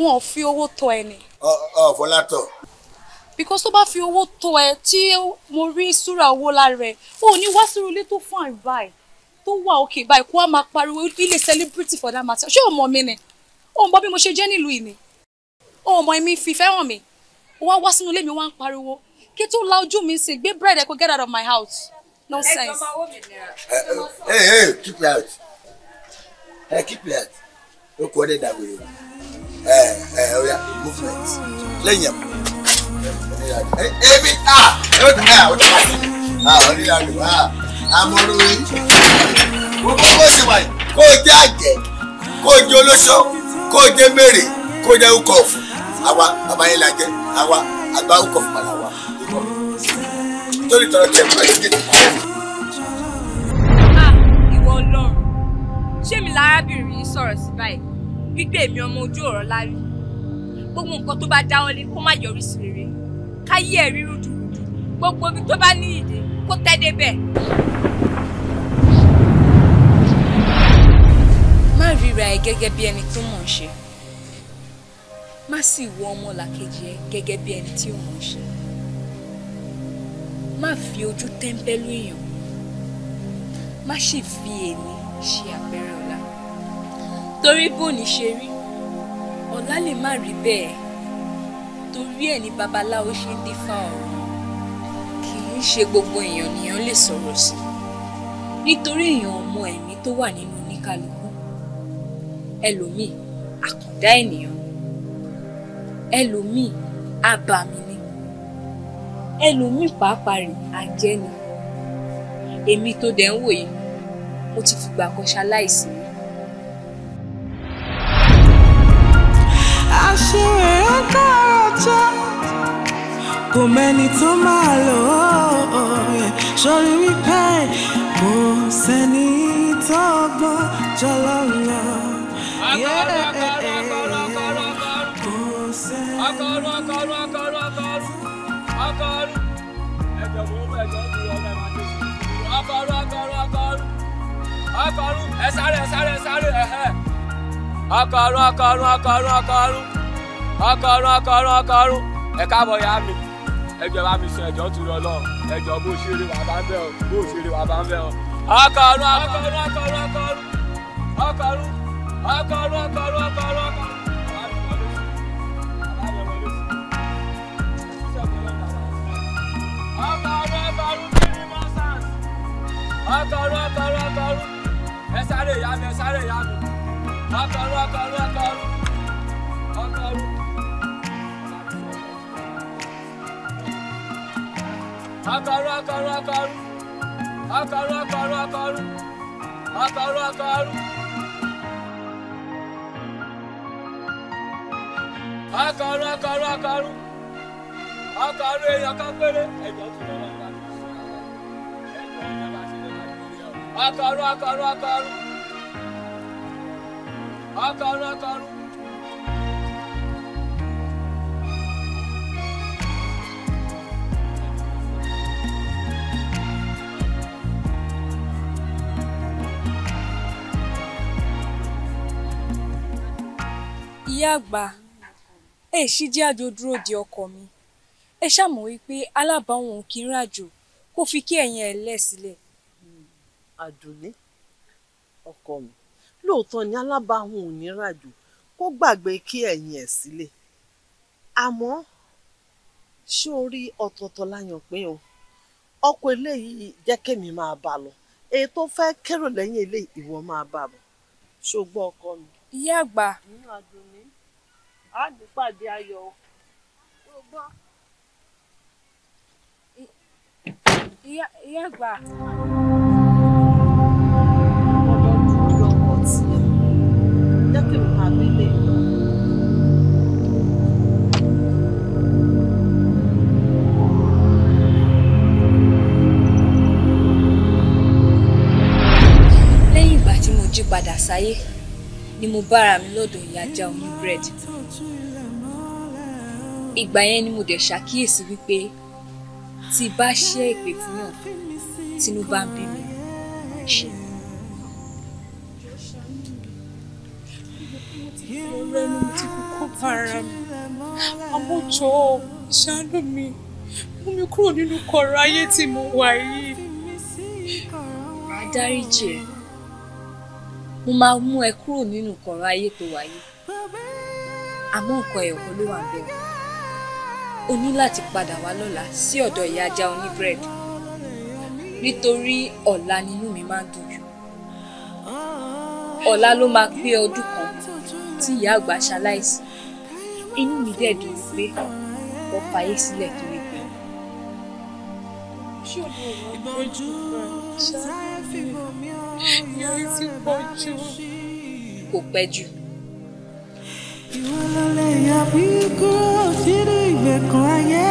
wọn ò fi owó tọ ẹ ni. ọ ọ fọlá tọ. because tó bá fi owó tọ ẹ tí mo rí ìṣúra owó lára ẹ o ò ní wá sírú ilé tó fún àìbá ẹ tó wà òkè báyìí kó wá máa pariwo ilé celebrity for that matter ṣé o mọ̀ mi ni o mọ̀ bí mo ṣe jẹ́ nílùú ìní o mọ̀ èmi fìfẹ́ hàn mi o wá wá sínú ilé mi wá ń pariwo kí tó la ojú mi sí gbé bread ẹ kó get out of my house. Nonsense. Hey, hey, keep it Hey, keep it out. Look what that way. Hey, hey, oh yeah, movement. Lẹ́yìn ẹ̀mú. Ebi ah, ah, o ti pa si. Ah, o ní ìyàgbé ah, amọ̀rò yìí. Gbogbo kó ṣe wáyé, kó jẹ́ àjẹ́, kó jẹ́ olóṣó, kó jẹ́ mèrè, kó jẹ́ ukọ̀ọ̀fù. Àwa, bàbá yẹn la jẹ́, lórí ìtọ́jú ẹ̀ máa ṣe. Ah, ìwọ ọlọ́run ṣé mi lárábìnrin yìí sọ̀rọ̀ sí báyìí gbígbé mi ọmọ ojú ọ̀rọ̀ lárí gbogbo nǹkan tó bá dáwọ́lé kó má yọrí sí rere káyé ẹ̀ ríru dùrùdù gbogbo ibi tó bá ní ìdè kó tẹ́ débẹ̀. má ríra ẹ gẹ́gẹ́ bí ẹni tó mọ̀ ń ṣe má sì wo ọmọ làkejì ẹ gẹ́gẹ́ bí ẹni tí ò mọ̀ ń ṣe má fi ojú tẹ́ńbẹ́lú èèyàn má sì fi èmi ṣe àpẹẹrẹ ọ̀la torí bóni ṣe rí ọ̀la lè má rí bẹ́ẹ̀ torí ẹ̀ ni babaláwo ṣe ń dífá ọ̀rọ̀ kì í ṣe gbogbo èèyàn nìyàn lè sọ̀rọ̀ sí nítorí èèyàn ọmọ ẹ̀mí tó wà nínú oníkálukú ẹlòmíì àkàndá ènìyàn ẹlòmíì àbàmì ni ẹlòmíì pàápàá rẹ̀ àjẹ́ ni èmi tó dẹ̀ ń wò yìí mo ti fìgbà kan ṣaláìsí mi. àṣírí ó dára kò mẹ́ni tó máa lò ó wípé kò sẹ́ni tó gbọ́ jọlọ́ lọ. Yeah. akọrú akọrú akọrú akọrú ẹ sáré ẹ sáré ẹ sáré ẹhẹ akọrú akọrú akọrú akọrú akọrú akọrú akọrú ẹ káàbọ̀ yá mi ẹjọ bá mi sọ ẹjọ tún lọ lọ ẹjọ bó ṣe eré wà bá ń bẹ ọ bó ṣe eré wà bá ń bẹ ọ. akọrú akọrú akọrú akọrú akọrú akọrú akọrú akọrú akọrun akọrun akọrun ẹ sáré ìyá mi ẹ sáré ìyá mi akọrun akọrun akọrun akọrun. akọrun akọrun akọrun akọrun akọrun akọrun akọrun akọrun. èèyàn kan péré ẹ̀jọ̀ tó lọ. akarun akarun akarun akarun akarun. ìyá àgbà ẹ ṣì jẹ́ àjò dúró de ọkọ mi ẹ ṣàmọ̀ wípé alábàáwọn òkìnrìn àjò kò fi kí ẹ̀yìn ẹ̀ lẹ̀ sílẹ̀ àdùnní ọkọ mi lóòótọ́ ni alábàáhùn ò ní ràjò kó gbàgbé kí ẹ̀yìn ẹ̀ sílẹ̀ àmọ́ ṣé o rí ọ̀tọ̀ọ̀tọ̀ láyàn pín o ọkọ̀ eléyìí jẹ́ kémi máa bá a lọ èyí tó fẹ́ kérò lẹ́yìn eléyìí ìwọ máa bá a bọ̀ ọkọ mi. ìyá àgbà. nínú àdùnní á ní pàdé ayọ̀ o. ìyá àgbà. jẹ́ kí n máa gbélé. lẹ́yìn ìgbà tí mo jí padà sáyé ni mo bára mi lọ́dọ̀ ìyá já oníbúrẹ́dì ìgbà yẹn ni mo dẹ̀ ṣàkíyèsí wípé tí bá ṣe èpè fún yàn tínú bá ń bí mi ṣe. ìrora ẹnu mi ti kókó bá ara mi àmọ́ jọ ṣàánú mi mú mi kúrò nínú kọ̀rọ̀ ayé tí mo wà yìí. àdáríjì ẹ mo máa mú ẹ kúrò nínú kọ̀rọ̀ ayé tó wà yìí àmọ́ nǹkan ẹ̀kọ́ ló wà bẹ́ẹ̀ o ní láti padà wá lọ́la sí ọ̀dọ̀ ìyá ajá oníbírẹ̀dì nítorí ọ̀la nínú mi máa ń dùn jù ọ̀la ló máa pé ọdún kan tí ìyá àgbà ṣaláìsí inú mi dẹ̀ dùn pé wọ́n fàyè sílẹ̀ torí lè rọ ojú kò pẹ́ jù. ìwọ ló lè yà bí kúrò sínú ìgbèkùn ayé.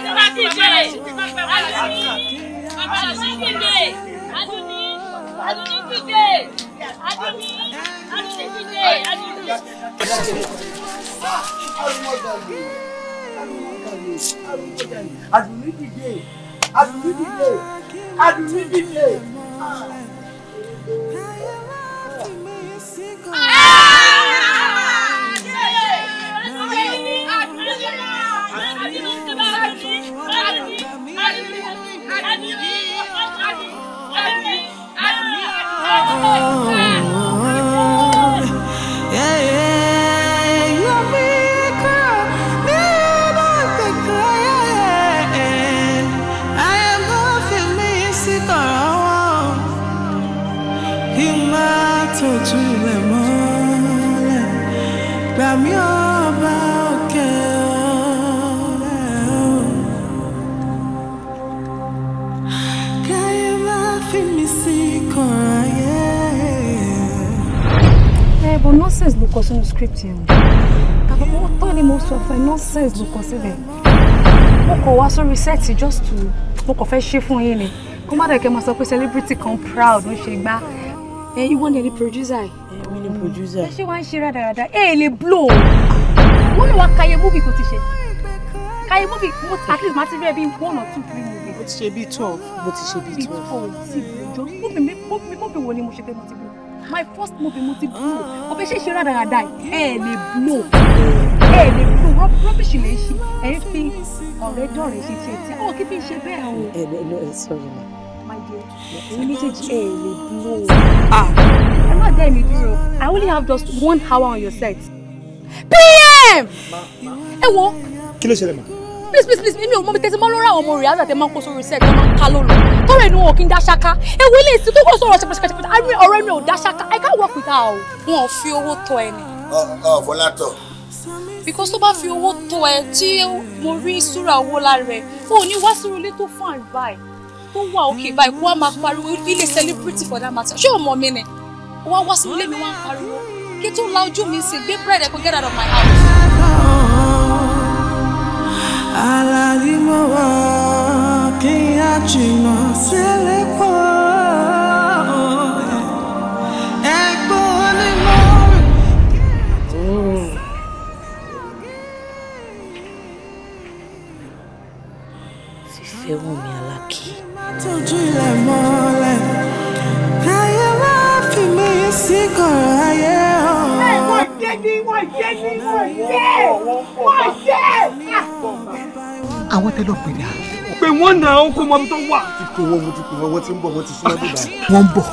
àdúrà ti bèrè àdúní àdúní ti bèrè àdúní àdúní ti bèrè àdúní àdúní ti bèrè àdúní. àdúní dìde àdúní dìde àdúní dìde. Ah! Oh. nonsense ló kọ sínú script yẹn o àkọ́kọ́ tán ni mo sọ fún nonsense ló kọ síbẹ̀ mo kàn wá sórí just to mo kàn fẹ́ ṣe fún yín ni kó má dàgẹ́ máa celebrity come proud ń ṣe gbá ẹ you want any producer yìí. èmi producer. She want wàá ń ṣe rádaràda ẹ ẹ lè blow wọn ni wàá movie kò ti ṣe kàyé movie mo at least máa ti rí one or two three movies. mo ti ṣe twelve What ti ṣe bí twelve. Just twelve me. jọ mo bí mo bí wo ni mo ṣe pé my first movie mo ti blow ah. ọbẹ̀ ṣe ṣe rádaràda ẹ̀ lè blow ẹ̀ lè blow rọ́bìṣì lè ṣe ẹ̀ fi ọ̀rẹ́ dọ̀rẹ́ ṣe ṣe tí àwọn kí fi ṣe bẹ́ẹ̀ o. ẹ ẹ lọ ẹ ma. my dear ẹ̀yin méjèèjì ẹ̀ lè blow. Ah. ẹ má dá èmi dúró i only have just one hour on your set. pm ẹ wo. kí ló ṣẹlẹ̀ ma please please please èmi ò mọ̀ mi tẹ̀sí mọ́ lórí àwọn ọmọ rẹ̀ àgbà tẹ̀ máa ń kó sórí iṣẹ́ tẹ̀ máa ń ká lólo tọ́rọ̀ ẹnu wọn kì í dá ṣáká ewu ilé ìsìn tó kọ̀ sọ̀rọ̀ ṣẹpẹṣẹpẹṣẹpẹ àmì ọ̀rọ̀ ẹnu ò dá ṣáká I can't work with her o. wọn ò fi owó tọ ẹ ni. ọ ọ Fọlátọ. because tó bá fi owó tọ ẹ tí mo rí ìṣúra owó lára ẹ o ò ní wá sí ilé tó fún àgbà ẹ tó wà òkè báyìí kó wá máa pariwo ilé celebrity for that matter ṣé o mọ̀ mi ni wá wá sí ilé mi wá ń pariwo kí tó la ojú mi sí gbé bread ẹ kó get out of my house alalimowo kí a jìnnà sílẹ̀ pọ̀. fífẹ́ wù mí alákì. tójú ilẹ̀ mọ́lẹ̀ ayé wá fi mí sí kọ̀rọ̀ ayé ọ̀. ẹ wọ́n jẹ́ ni wọ́n jẹ́ ni wọ́n jẹ́ wọ́n àwọn tẹ́lọ̀ pè dà. pé wọ́n nà án kó tó wà. ti pè wọ́n mo ti pè wọ́n ti ń bọ̀ wọ́n ti súnmọ́ bíbá. wọ́n ń bọ̀.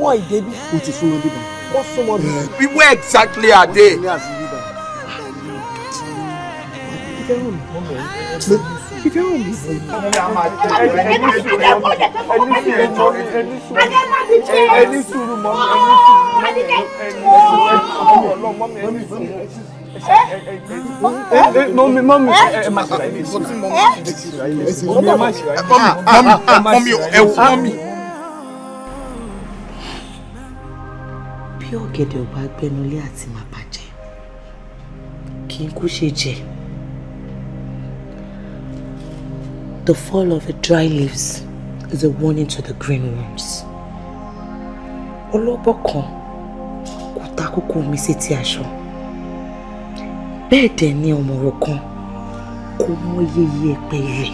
wọ́n ì débi. o ti súnmọ́ bíbá. wọ́n súnmọ́ bíbá. we were exactly at there. ìfẹ́ rò mí. ìfẹ́ rò mí. ẹni sùúrù mọ́ mi ẹni sùúrù mọ́ mi ẹni sùúrù mọ́ mi ẹni sùúrù mọ́ mi ẹni sùúrù mọ́ mi mọ́mí mọ́mí ẹ má ṣe ráyè mọ́mí mọ́mí ẹ má ṣe bí ọ̀gẹ̀dẹ̀ ò bá gbẹnulé àti má bàjẹ́ kí n kú ṣe jẹ. The fall of the dry leaves is a warning to the green worms. Olóbọ̀ kan kò ta kókó omi sí ti aṣọ bẹ́ẹ̀ dẹ̀ ni ọ̀mọ̀rọ̀ kan kò mọ yeye ẹ̀pẹ̀ rẹ̀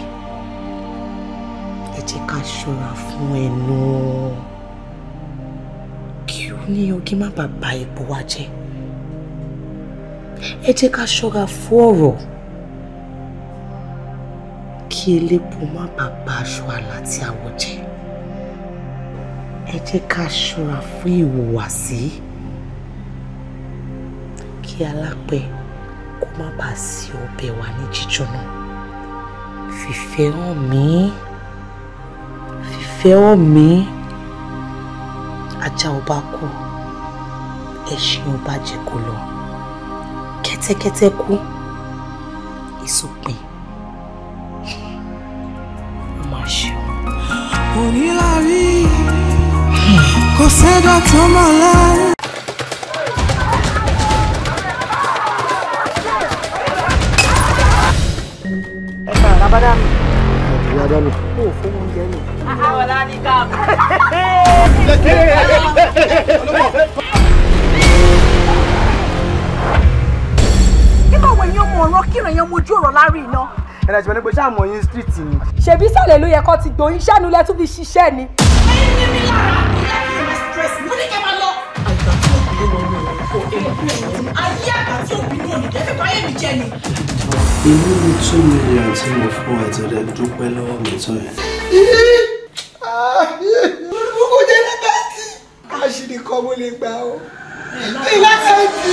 ẹ jẹ́ ká ṣọ́ra fún ẹnu kí o ní ọgí má bàa ba ipò wa jẹ́ ẹ jẹ́ ká ṣọ́ra fún ọ̀rọ̀ kí elépo má bàa ba aṣọ àlà tí a wọ̀ jẹ́ ẹ jẹ́ ká ṣọ́ra fún ìhùwàsí kí alápẹ̀ má bàa sí ọbẹ̀ wa ní jíjóná fìfẹ́ hàn mí fìfẹ́ hàn mí ajá ọba kú ẹṣin ọba jẹ lọ kẹ́tẹ́kẹ́tẹ́ kú ìsopin ó máa ṣe o. onílárí kò sẹ́dọ̀ tó mọ̀ lẹ́rù. bàbá mi. bàbá mi. kò fún oúnjẹ nù. ọ̀la ní káàbù. nígbà wo ni ọmọ ọ̀rọ̀ kíran yẹn mojú ọ̀rọ̀ lárí iná. ẹ̀rọ ìṣẹ̀lẹ̀ pé ṣáà mọ̀ yín street ni. ṣèbí sàlẹ̀ ló yẹ kó ti gbòyìn ṣáà nílẹ̀ tún fi ṣiṣẹ́ ayé ni. inú mi tún mo fún ẹ tẹ́lẹ̀ dúpẹ́ lọ́wọ́ mi tó yẹn. olùkọ́ jẹ́ lẹ́kẹ́tì àṣírí kan mo lè gbà ó lẹ́kẹ́tì.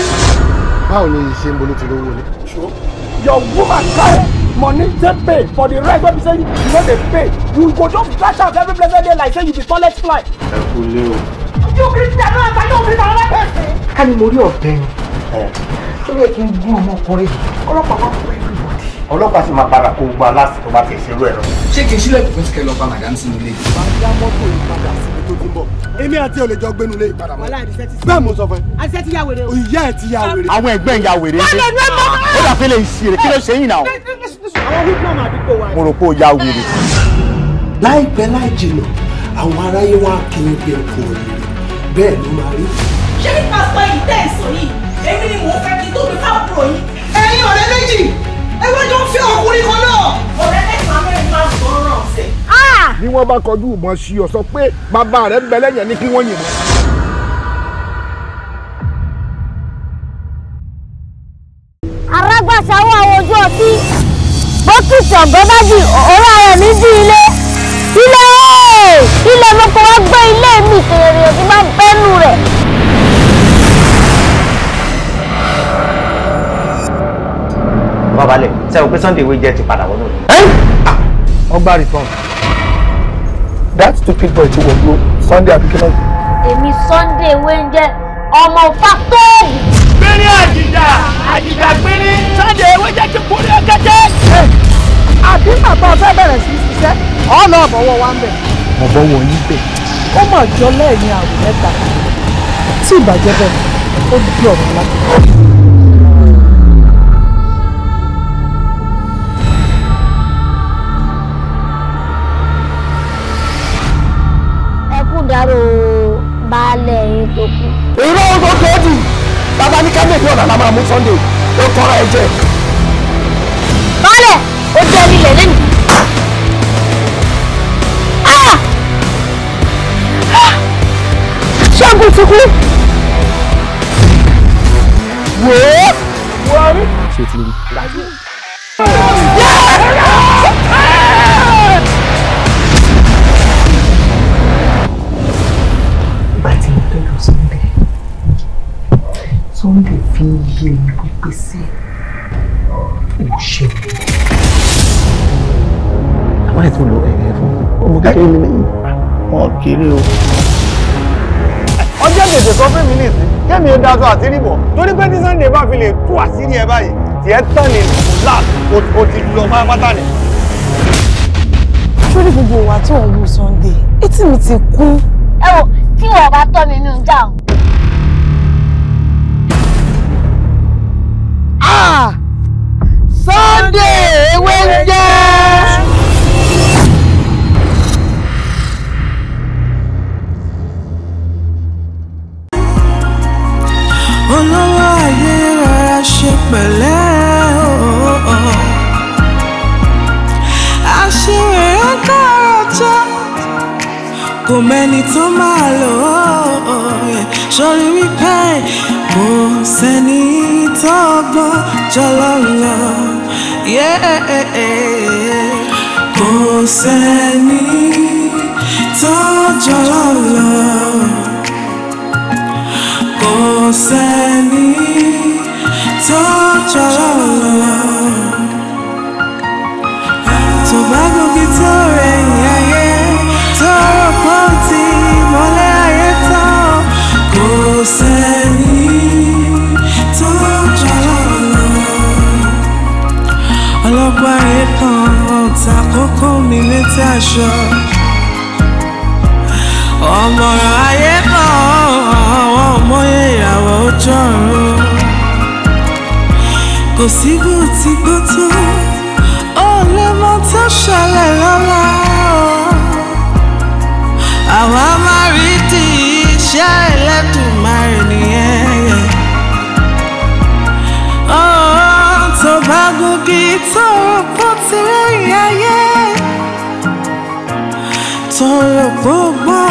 báwo ni ìṣe ń bolo ti lówó ni. your woman carry. money dey pay for the rent wey be say you no dey pay you go just flash out every blessed day like say you be toilet fly. ẹ kú lé o yóò kiri ti àná àtà yóò kiri tàwọn alápẹ̀sẹ̀. ká ní mo rí ọ̀bẹ ni ó yẹ kí n gún ọmọkùnrin ọlọ́pàá máa ń pè é lùbọ̀dì. ọlọ́pàá sì máa padà kó gbogbo aláṣẹ tó bá ti ṣerú ẹ̀ lọ. ṣé kì í sílẹ̀ kò fẹ́ lọ bá màdàm sínú ilé. máa ń dá mọ́tò yìí padà síbi tó ti bọ̀. èmi àti olè jọ gbénu lé. bẹ́ẹ̀ mo sọ fún ẹ. àṣẹ ti ya o. ìyá ẹ ti ya àwọn ẹgbẹ́ ń ṣe. ó dà máa dúpọ̀ wa. mo ó ya wèrè. láìpẹ́ bẹ́ẹ̀ ló máa rí. ṣé nípa sọ yìí èmi ni mò ń fẹ́ kí tó fi fáàpùrọ̀ yìí. ẹ̀yin ọ̀rẹ́ méjì ẹgbẹ́ ń fi ọkùnrin kan náà. ọ̀rẹ́ mẹ́ta mẹ́rin máa ń sọ̀rọ̀ ọ̀sẹ̀. Ah! bí wọ́n bá kọjú ìbọn sí ọ sọ pé bàbá rẹ̀ ń bẹ lẹ́yìn ní kí wọ́n yìnbọn. arágbàsáwọ́ àwọn ojú ọtí bókì ṣọ̀gbọ́n bá di òórùn ara mi ilé ilé ilé mo kò wá gbé ilé mi kéré ń pẹ́nu rẹ̀. wọ́n balẹ̀ ṣe o pé Sunday wey jẹ́ ti padà wọnú mi. ọgbà ah! return that stupid boy ti wọ̀ ló Sunday abikinna. èmi Sunday wey ń jẹ́ ọmọ fàtọ́ọ̀bù. gbẹ́rẹ́ àjìjà àjìjà gbẹ́rẹ́. Sunday wey jẹ́ kí kúrò kẹ́kẹ́. àbí bàbá ọ̀fẹ́ bẹ̀rẹ̀ sí ṣiṣẹ́ ọ̀nà ọ̀bọ̀wọ̀ wa ń bẹ̀. ọ̀bọ̀wọ̀ yín bẹ̀ ó mà jọ lẹ́yìn àrùn mẹ́ta tí ìbàjẹ́ bẹ̀ ó di ọ̀rọ̀ ńlá. ẹkún dárò baálẹ̀ yín tó kú. ìró ọgbọ́n tó dì bàbá ní kábíyèsí ọ̀nà la Sunday ó tọrọ ẹ jẹ. ó jẹ́ onílẹ̀ lẹ́nu. ṣẹ́gun ti kú. wò ó. wọ́ọ̀rí. ṣé Sunday fi yé mi gbogbo sí òṣèlú. àwọn ètò olùkọ́ ẹ̀rẹ́ fún ọmọ kékeré mi lẹ́yìn. wọn kiri o ọjọ́ gbèsè sọ fún mi nìsín kémi ó daṣọ àṣírí bọ̀ torí pé tí Sunday bá fi lè tú àṣírí ẹ báyìí tiẹ̀ tán ni láà ó ti lọ pátápátá ni. sórí gbogbo ìwà tó ń wù Sunday etí mi ti kú. ẹ wò tí wọn bá tọ́ mi nínú já o. Ah! Sunday ewé ń jẹ́. olówó ayé rárá ṣe pẹ̀lẹ́ ooo. àṣewèrè dárò tó kò mẹ́ni tó máa lò ó sórí wípé kò sẹ́ni tó gbọ́ jọlọ lọ. kò sẹ́ni tó jọlọ kò sẹ́ni tó jọ lọ. tó bá gòkè tó rẹ̀yìn ayé tó rò pé ó ti mọ́lẹ̀ ayé tán kò sẹ́ni tó jọ lọ. ọlọ́gbọ́n ayé mi létí aṣọ ọmọ ayé dọ̀run kò sígbó tí gbó tó ó lè mọ tó ṣẹlẹ̀ lọ́la àwa máa rí di iṣẹ́ Ẹlẹ́dùmarè nìyẹn tó bá gògì tó rò pó ti rẹ̀yìn ayé tó rò pó gbọ́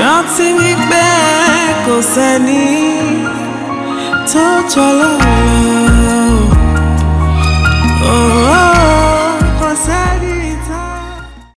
rántí wí. Seni Touch your